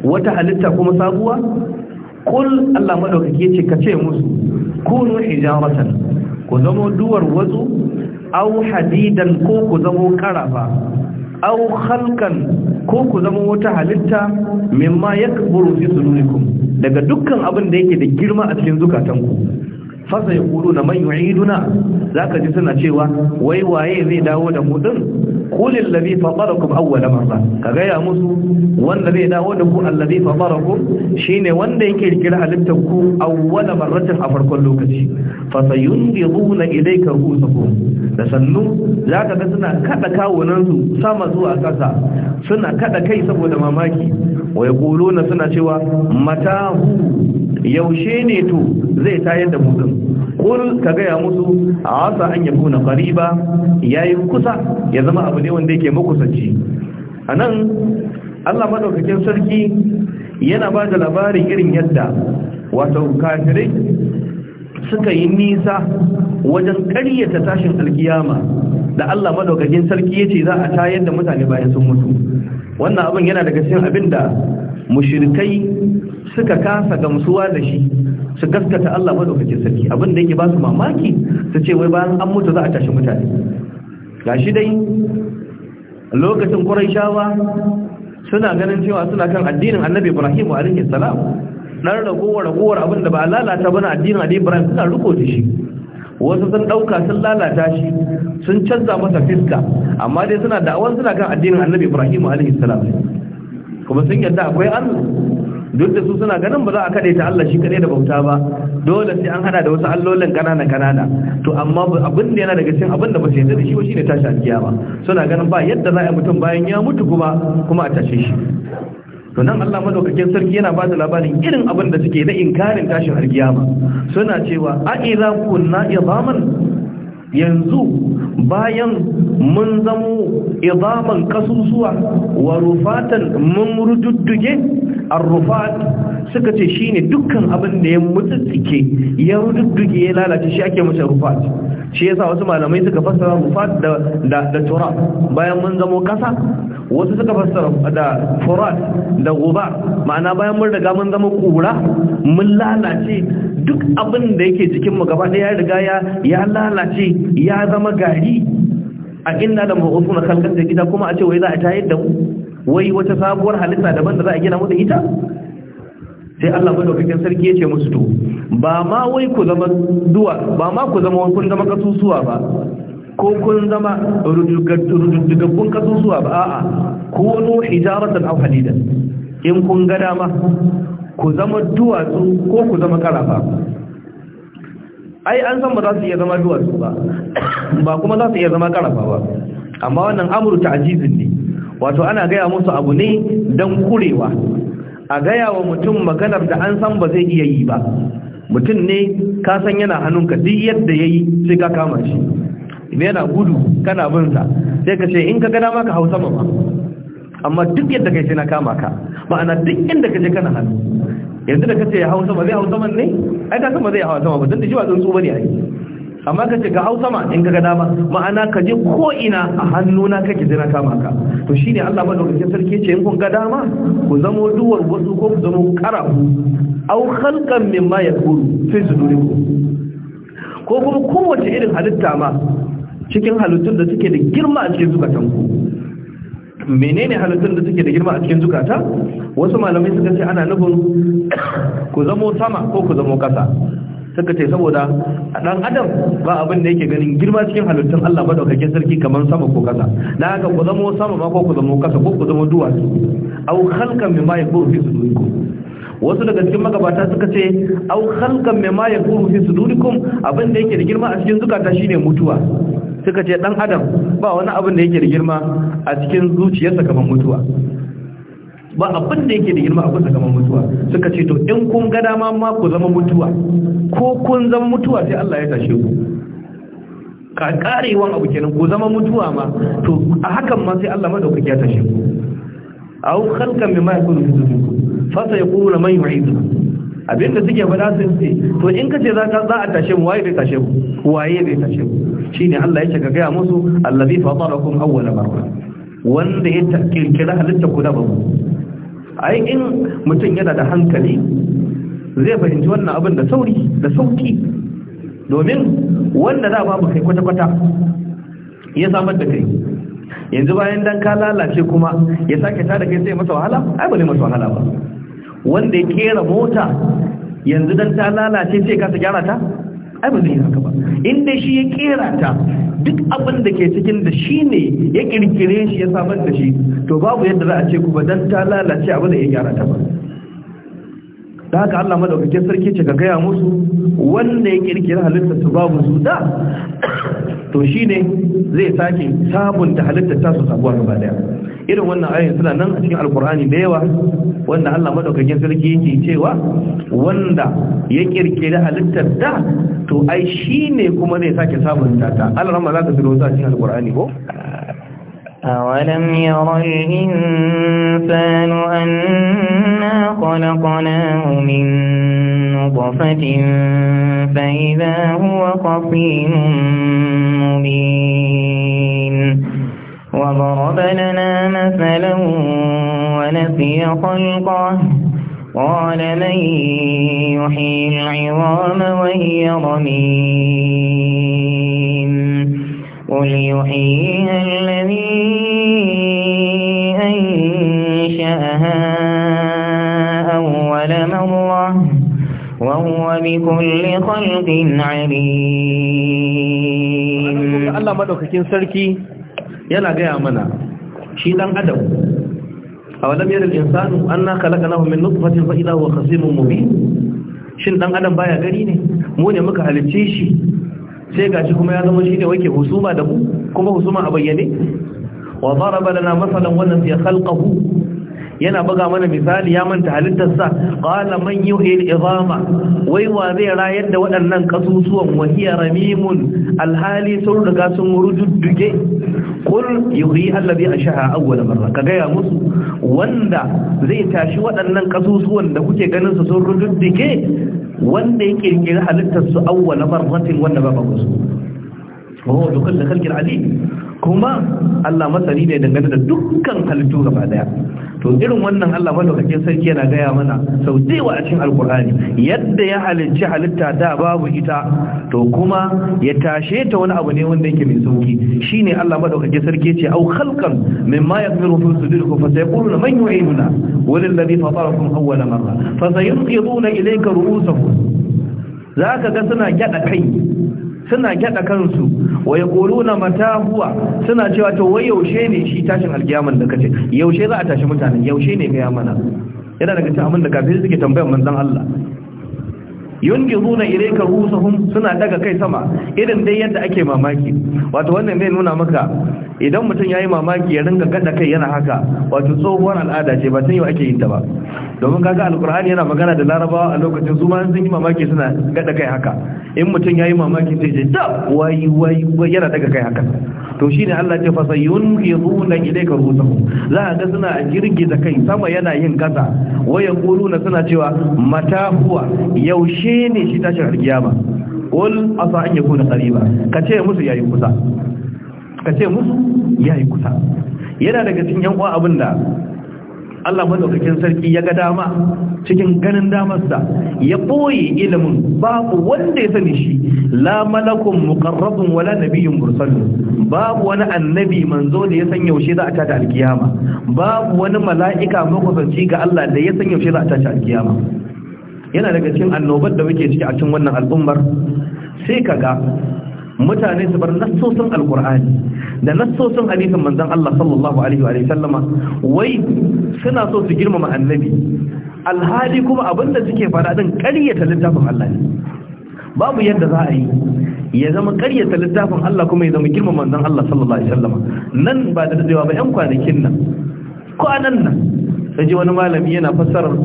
wata halitta kuma sabuwa kul Allah madaukake ce ka ce musu kunu hijaratan ku zama duwar wazu au hadidan ko ku zamo karafa aw khalqan ko ku zama wata halitta mimma yakburu fi sudurikum daga dukkan abin da yake da girma a cikin zukatanku fasa ya kuru na man yu'iduna ka ji suna cewa wai waye zai dawo da mu din qulil ladhi fatarakum da marra Ka ya musu wanda zai dawo da ku alladhi fatarakum shine wanda yake rikira halittar ku awwal marratin a farkon lokaci fasayunbiduna ilayka rusukum da sannu za ka ga suna kada kawunansu sama zuwa ƙasa suna kada kai saboda mamaki wai kuluna suna cewa mata yaushe ne to zai tayar da mutum kul ka gaya musu a wasa an yabo na kariba yi kusa ya zama abu ne wanda yake makusanci a nan allah maɗaukakin sarki yana ba da labarin irin yadda wato kafirai suka yi nisa wajen ta tashin alkiyama da Allah madaukakin sarki yace za a tayar da mutane bayan sun mutu wannan abin yana daga cikin abin da mushrikai suka kasa gamsuwa da shi su gaskata Allah madaukakin sarki abin da yake ba su mamaki su ce wai bayan an mutu za a tashi mutane gashi dai lokacin Quraishawa suna ganin cewa suna kan addinin Annabi Ibrahim alaihi salam dan ragowar ragowar abin da ba lalata ba na addinin Ali Ibrahim suna riko da shi wasu sun dauka sun lalata shi sun canza masa fiska amma dai suna da'awar suna kan addinin Annabi Ibrahim alaihi salam kuma sun yadda akwai Allah duk da su suna ganin ba za a ta Allah shi kadai da bauta ba dole sai an hada da wasu allolin kanana kanana to amma abin da yana daga cikin abin da ba sai da shi ba shine tashi kiyama suna ganin ba yadda za a mutum bayan ya mutu kuma kuma a tashe shi to nan Allah madaukakin sarki yana ba da labarin irin abin da suke da inkarin tashin alkiyama suna cewa a idza kunna idaman yanzu bayan mun zamo idaman kasusuwa wa rufatan mun rududduge arrufat suka ce shine dukkan abin da ya mutsitsike ya rududduge ya lalace shi ake mace rufat shi yasa wasu malamai suka fassara rufat da da, turab bayan mun zamo kasa wasu suka fassara da furat da guba ma'ana bayan mun riga mun zama kura mun lalace duk abin da yake cikin mu gaba ɗaya ya riga ya lalace ya zama gari a inna da ma'usu na kalkar da gida kuma a ce wai za a tayar da mu wai wata sabuwar halitta daban da za a gina mu da ita sai Allah dokokin sarki ya ce musu to ba ma wai ku zama duwa ba ma ku zama kun zama kasusuwa ba ko kun zama rudugabbun kasusuwa ba a'a kunu hijaratan aw hadidan in kun ga dama ku zama duwatsu ko ku zama karafa ai an san ba za su iya zama duwatsu ba ba kuma za su iya zama karafa ba amma wannan amuru ta'jizin ne wato ana gaya musu abu ne don kurewa a gaya wa mutum maganar da an san ba zai iya yi ba mutum ne ka san yana hannunka duk yadda ya yi sai ka kama shi ne yana gudu kana bin sa sai ka ce in ka gada maka hausa ma amma duk yadda kai sai na kama ka ma'ana duk inda ka je kana hannu yanzu da ka ce hausa ma zai hausa man ne ai ka san ba zai hausa ma ba tunda da shi ba tsuntsu bane ai amma ka ce ka hausa ma in ka gada ma ma'ana ka je ko ina a hannuna kake na kama ka to shine Allah madaukakin sarki ce in kun ga dama ku zamo duwar wasu ko ku zamo karahu aw khalqan mimma yakulu fi sudurikum ko kuma kowace irin halitta ma cikin halittun da suke da girma a cikin zukatanku menene halittun da suke da girma a cikin zukata wasu malamai suka ce ana nufin ku zamo sama ko ku zamo kasa suka ce saboda a ɗan adam ba abin da yake ganin girma cikin halittun Allah madaukakin sarki kamar sama ko kasa na haka ku zamo sama ma ko ku zamo kasa ko ku zamo duwatsu au khalqan mimma yakuru fi sudurikum wasu daga cikin magabata suka ce au khalqan mimma yakuru fi sudurikum abin da yake da girma a cikin zukata shine mutuwa suka ce dan adam ba wani abin da yake da girma a cikin zuciyarsa kamar mutuwa ba abin da yake da girma a kusa kamar mutuwa suka ce to in kun ga dama ma ku zama mutuwa ko kun zama mutuwa sai Allah ya tashe ku ka karewan abu kenan ku zama mutuwa ma to a hakan ma sai Allah madaukaki ya tashe ku aw khalqan mimma yakunu fi sudur fa sayquluna man yu'idu Abin da suke faɗa sun ce to in ka ce za ka za a tashe mu waye bai tashe mu waye bai tashe mu shine Allah ya ce ka gaya musu allazi fatarakum awwal marra wanda ya kirkira halitta ku da babu ai in mutum yana da hankali zai fahimci wannan abin da sauri da sauki domin wanda da babu kai kwata-kwata ya samar da kai yanzu bayan dan ka lalace kuma ya sake tada kai sai masa wahala ai bane ne masa wahala ba wanda ya kera mota yanzu dan ta lalace ce kasa gyara ta ai ba zai haka ba inda shi ya kera ta duk abin da ke cikin da shi ne ya kirkire shi ya samar da shi to babu yadda za a ce kuma dan ta lalace abin da ya gyara ta ba da haka Allah madaukakin sarki ce ka gaya musu wanda ya kirkira halittar su babu su da to shine zai sake sabunta halittar ta su sabuwa gaba daya irin wannan ayin suna nan a cikin alkur'ani da yawa wanda Allah madaukakin sarki yake cewa wanda ya kirkire halittar da to ai shi ne kuma zai sake samun tata Allah rahma zaka tsiro a cikin alkur'ani ko أولم ير الإنسان أنا خلقناه من نطفة فإذا هو خصيم مبين وضرب لنا مثلا ونسي خلقه قال من يحيي العظام وهي رميم قل يحييها الذي أنشأها أول مرة وهو بكل خلق عليم الله yana gaya mana shi dan adam awalam yaral insanu anna khalaqnahu min nutfatin fa idha khasimun mubin shin dan adam baya gari ne mu ne muka halicce shi sai gashi kuma ya zama shine wake husuma da ku kuma husuma a bayyane wa daraba lana masalan wannan nasiya khalqahu yana buga mana misali ya manta halittarsa qala man yuhil izama wai wa zai rayar da waɗannan kasusuwan wahiya ramimun alhali sun riga sun rujudduge kul yuhi allazi ashaha awwal marra ka gaya musu wanda zai tashi waɗannan kasusuwan da kuke ganin su sun rujudduge wanda yake kirkiri halittarsu awwal marratin wanda ba ba musu wa huwa da khalqin alim kuma Allah masani ne dangane da dukkan halittu gaba daya to irin wannan Allah madaukakin sarki yana gaya mana sau dewa a cikin alkur'ani yadda ya halicci halitta da babu ita to kuma ya tashe ta wani abu ne wanda yake mai sauki shine Allah madaukakin sarki ce au khalqan mimma yakmiru fi sudurikum fa sayquluna man yu'inuna walil fatarakum awwala marra fa sayunqiduna ilayka ru'usahum zaka ga suna gyada kai suna gyada kansu waya yaquluna mata huwa suna cewa to wai yaushe ne shi tashin alkiyaman da kace yaushe za a tashi mutane yaushe ne ga mana yana daga cikin abin da kafin suke tambayar manzon Allah yungizuna ilayka rusuhum suna daga kai sama irin dai yadda ake mamaki wato wannan zai nuna maka idan mutum ya yi mamaki ya ringa kada kai yana haka wato tsohuwar al'ada ce ba sun yau ake yin ta ba domin kaga Alkur'ani yana magana da larabawa a lokacin su ma sun yi mamaki suna kada kai haka in mutum ya yi mamaki sai je da wayi wayi yana daga kai haka to shi ne Allah ce fa sayunqiduna ilayka rusuhum za ga suna girgiza kai sama yana yin kasa waya na suna cewa mata huwa yaushe ne shi tashin alkiyama qul asa an yakuna qariba ce musu yayi kusa ce musu yayi kusa yana daga cikin yan uwa abinda Allah madaukakin sarki ya ga dama cikin ganin damarsa ya boye ilimin babu wanda ya sani shi la malakun muqarrabun wala nabiyyun mursal babu wani annabi manzo da ya san yaushe za a tashi alkiyama babu wani mala'ika makusanci ga Allah da ya san yaushe za a tashi alkiyama yana daga cikin annobar da muke ciki a cikin wannan al'ummar sai kaga mutane su bar nassosin alkur'ani da nassosin hadisin manzon Allah sallallahu alaihi wa sallama wai suna so su girmama annabi alhali kuma abinda suke fara din ƙaryata littafin Allah ne babu yadda za a yi ya zama karyata littafin Allah kuma ya zama girma manzon Allah sallallahu alaihi wasallam nan ba da dadewa ba ƴan kwanakin nan kwanan nan sai wani malami yana fassarar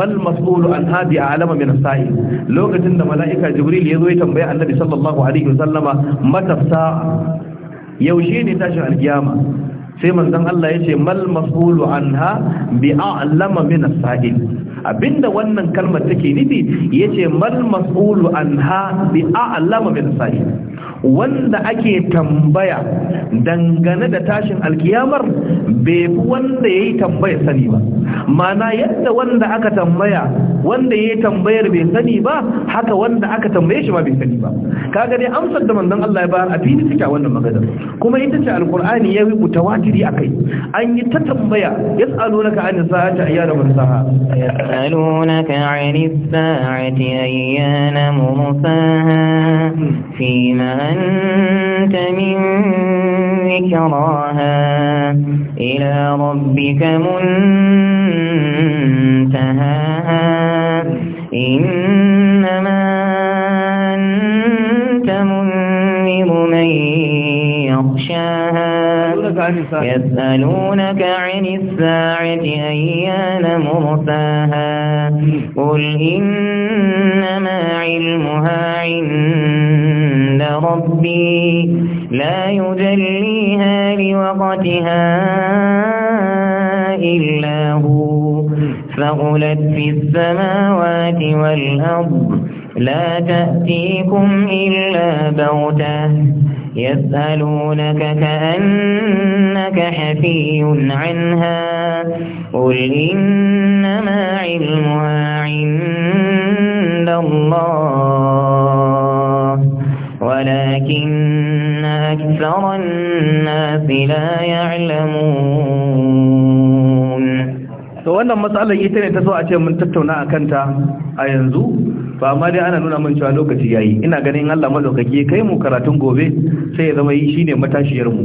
mal mas'ulu an hadi alama min sa'i lokacin da mala'ika jibril ya zo ya tambaya annabi sallallahu alaihi Sallama matafsa yaushe ne tashin alkiyama sai manzon Allah yace mal mas'ulu anha bi a'lama min as abinda wannan kalmar take nufi yace mal mas'ulu anha bi a'lamu min sa'i wanda ake tambaya dangane da tashin alkiyamar bai fi wanda yayi tambaya sani ba mana yadda wanda aka tambaya wanda yayi tambayar bai sani ba haka wanda aka tambaye shi ma bai sani ba kaga dai amsar da manzon Allah ya bayar a fili take wannan magana kuma ita ce alqur'ani ya yi tawatiri akai an yi ta tambaya yas'alunaka an sa'ata ayyana mursaha يسألونك عن الساعة أيان مرساها فيما أنت من ذكراها إلى ربك منتهاها إنما يسألونك عن الساعة أيان مرساها قل إنما علمها عند ربي لا يجليها لوقتها إلا هو فغلت في السماوات والأرض لا تأتيكم إلا بغتة يسألونك كأنك حفي عنها قل إنما علمها عند الله ولكن أكثر الناس لا يعلمون to wannan matsalar ita ne ta so a ce mun tattauna a kanta a yanzu ba amma dai ana nuna mun cewa lokaci yayi ina ganin Allah madaukaki kai mu karatun gobe sai ya zama yi shine matashiyar mu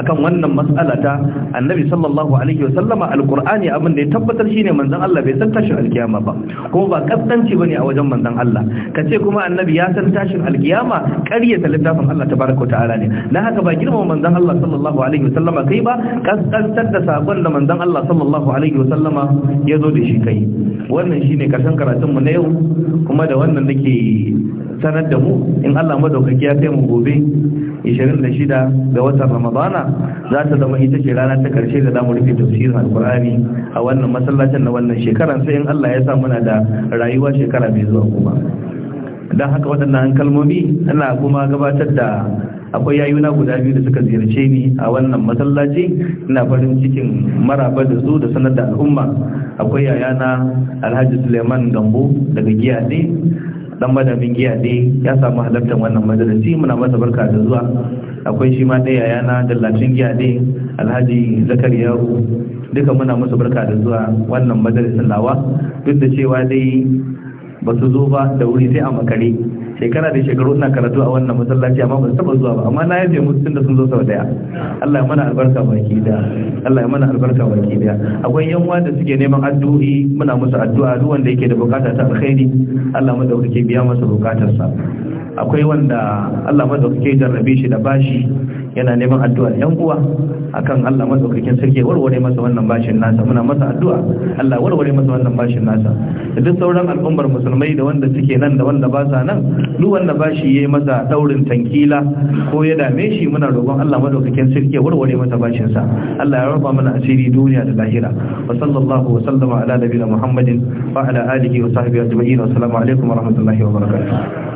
akan wannan matsala ta annabi sallallahu alaihi wasallama alqur'ani abin da ya tabbatar shine manzon Allah bai san tashin alkiyama ba kuma ba kaddanci bane a wajen manzon Allah kace kuma annabi ya san tashin alkiyama Ƙarya ƙaryata littafin Allah tabaraka ta'ala ne na haka ba girmama manzon Allah sallallahu alaihi wasallama kai ba kaddantar da sabon da manzon Allah sallallahu alaihi wasallama sallama ya zo da shi kai wannan shine karshen karatunmu na yau kuma da wannan da ke sanar da mu in Allah madaukaki ya kai mu gobe 26 ga watan Ramadana za ta zama ita ce rana ta karshe da zamu rufe tafsirin Alkur'ani a wannan masallacin na wannan shekaran sai in Allah ya sa muna da rayuwa shekara mai zuwa kuma dan haka waɗannan kalmomi ana kuma gabatar da akwai yayuna guda biyu da suka ziyarce ni a wannan masallaci ina farin cikin maraba da su da sanar da al'umma akwai yayana alhaji suleiman gambo daga ne dan madamin ne ya samu halartar wannan majalisi muna masa barka da zuwa akwai shi ma ɗaya yayana dallacin ne alhaji zakariya duka muna masa barka da zuwa wannan majalisin lawa duk da cewa dai ba su zo ba da wuri sai a makare shekara da shekaru ina karatu a wannan masallaci amma ban taba zuwa ba amma na yaje musu tunda sun zo sau daya Allah ya mana albarka baki da Allah ya mana albarka baki da akwai yanwa da suke neman addu'i muna musu addu'a duk wanda yake da bukata ta alkhairi Allah dauke biya masa bukatarsa akwai wanda Allah dauke jarrabe shi da bashi yana neman addu'a yan uwa akan Allah madaukakin sarki warware masa wannan bashin nasa muna masa addu'a Allah warware masa wannan bashin nasa da duk sauran al'ummar musulmai da wanda suke nan da wanda ba sa nan duk wanda bashi yayi masa daurin tankila ko ya dame shi muna roƙon Allah madaukakin sarki warware masa bashin sa Allah ya raba mana asiri duniya da lahira wa sallallahu wa sallama ala nabiyina Muhammadin wa ala alihi wa sahbihi ajma'in wa assalamu alaikum wa rahmatullahi wa barakatuh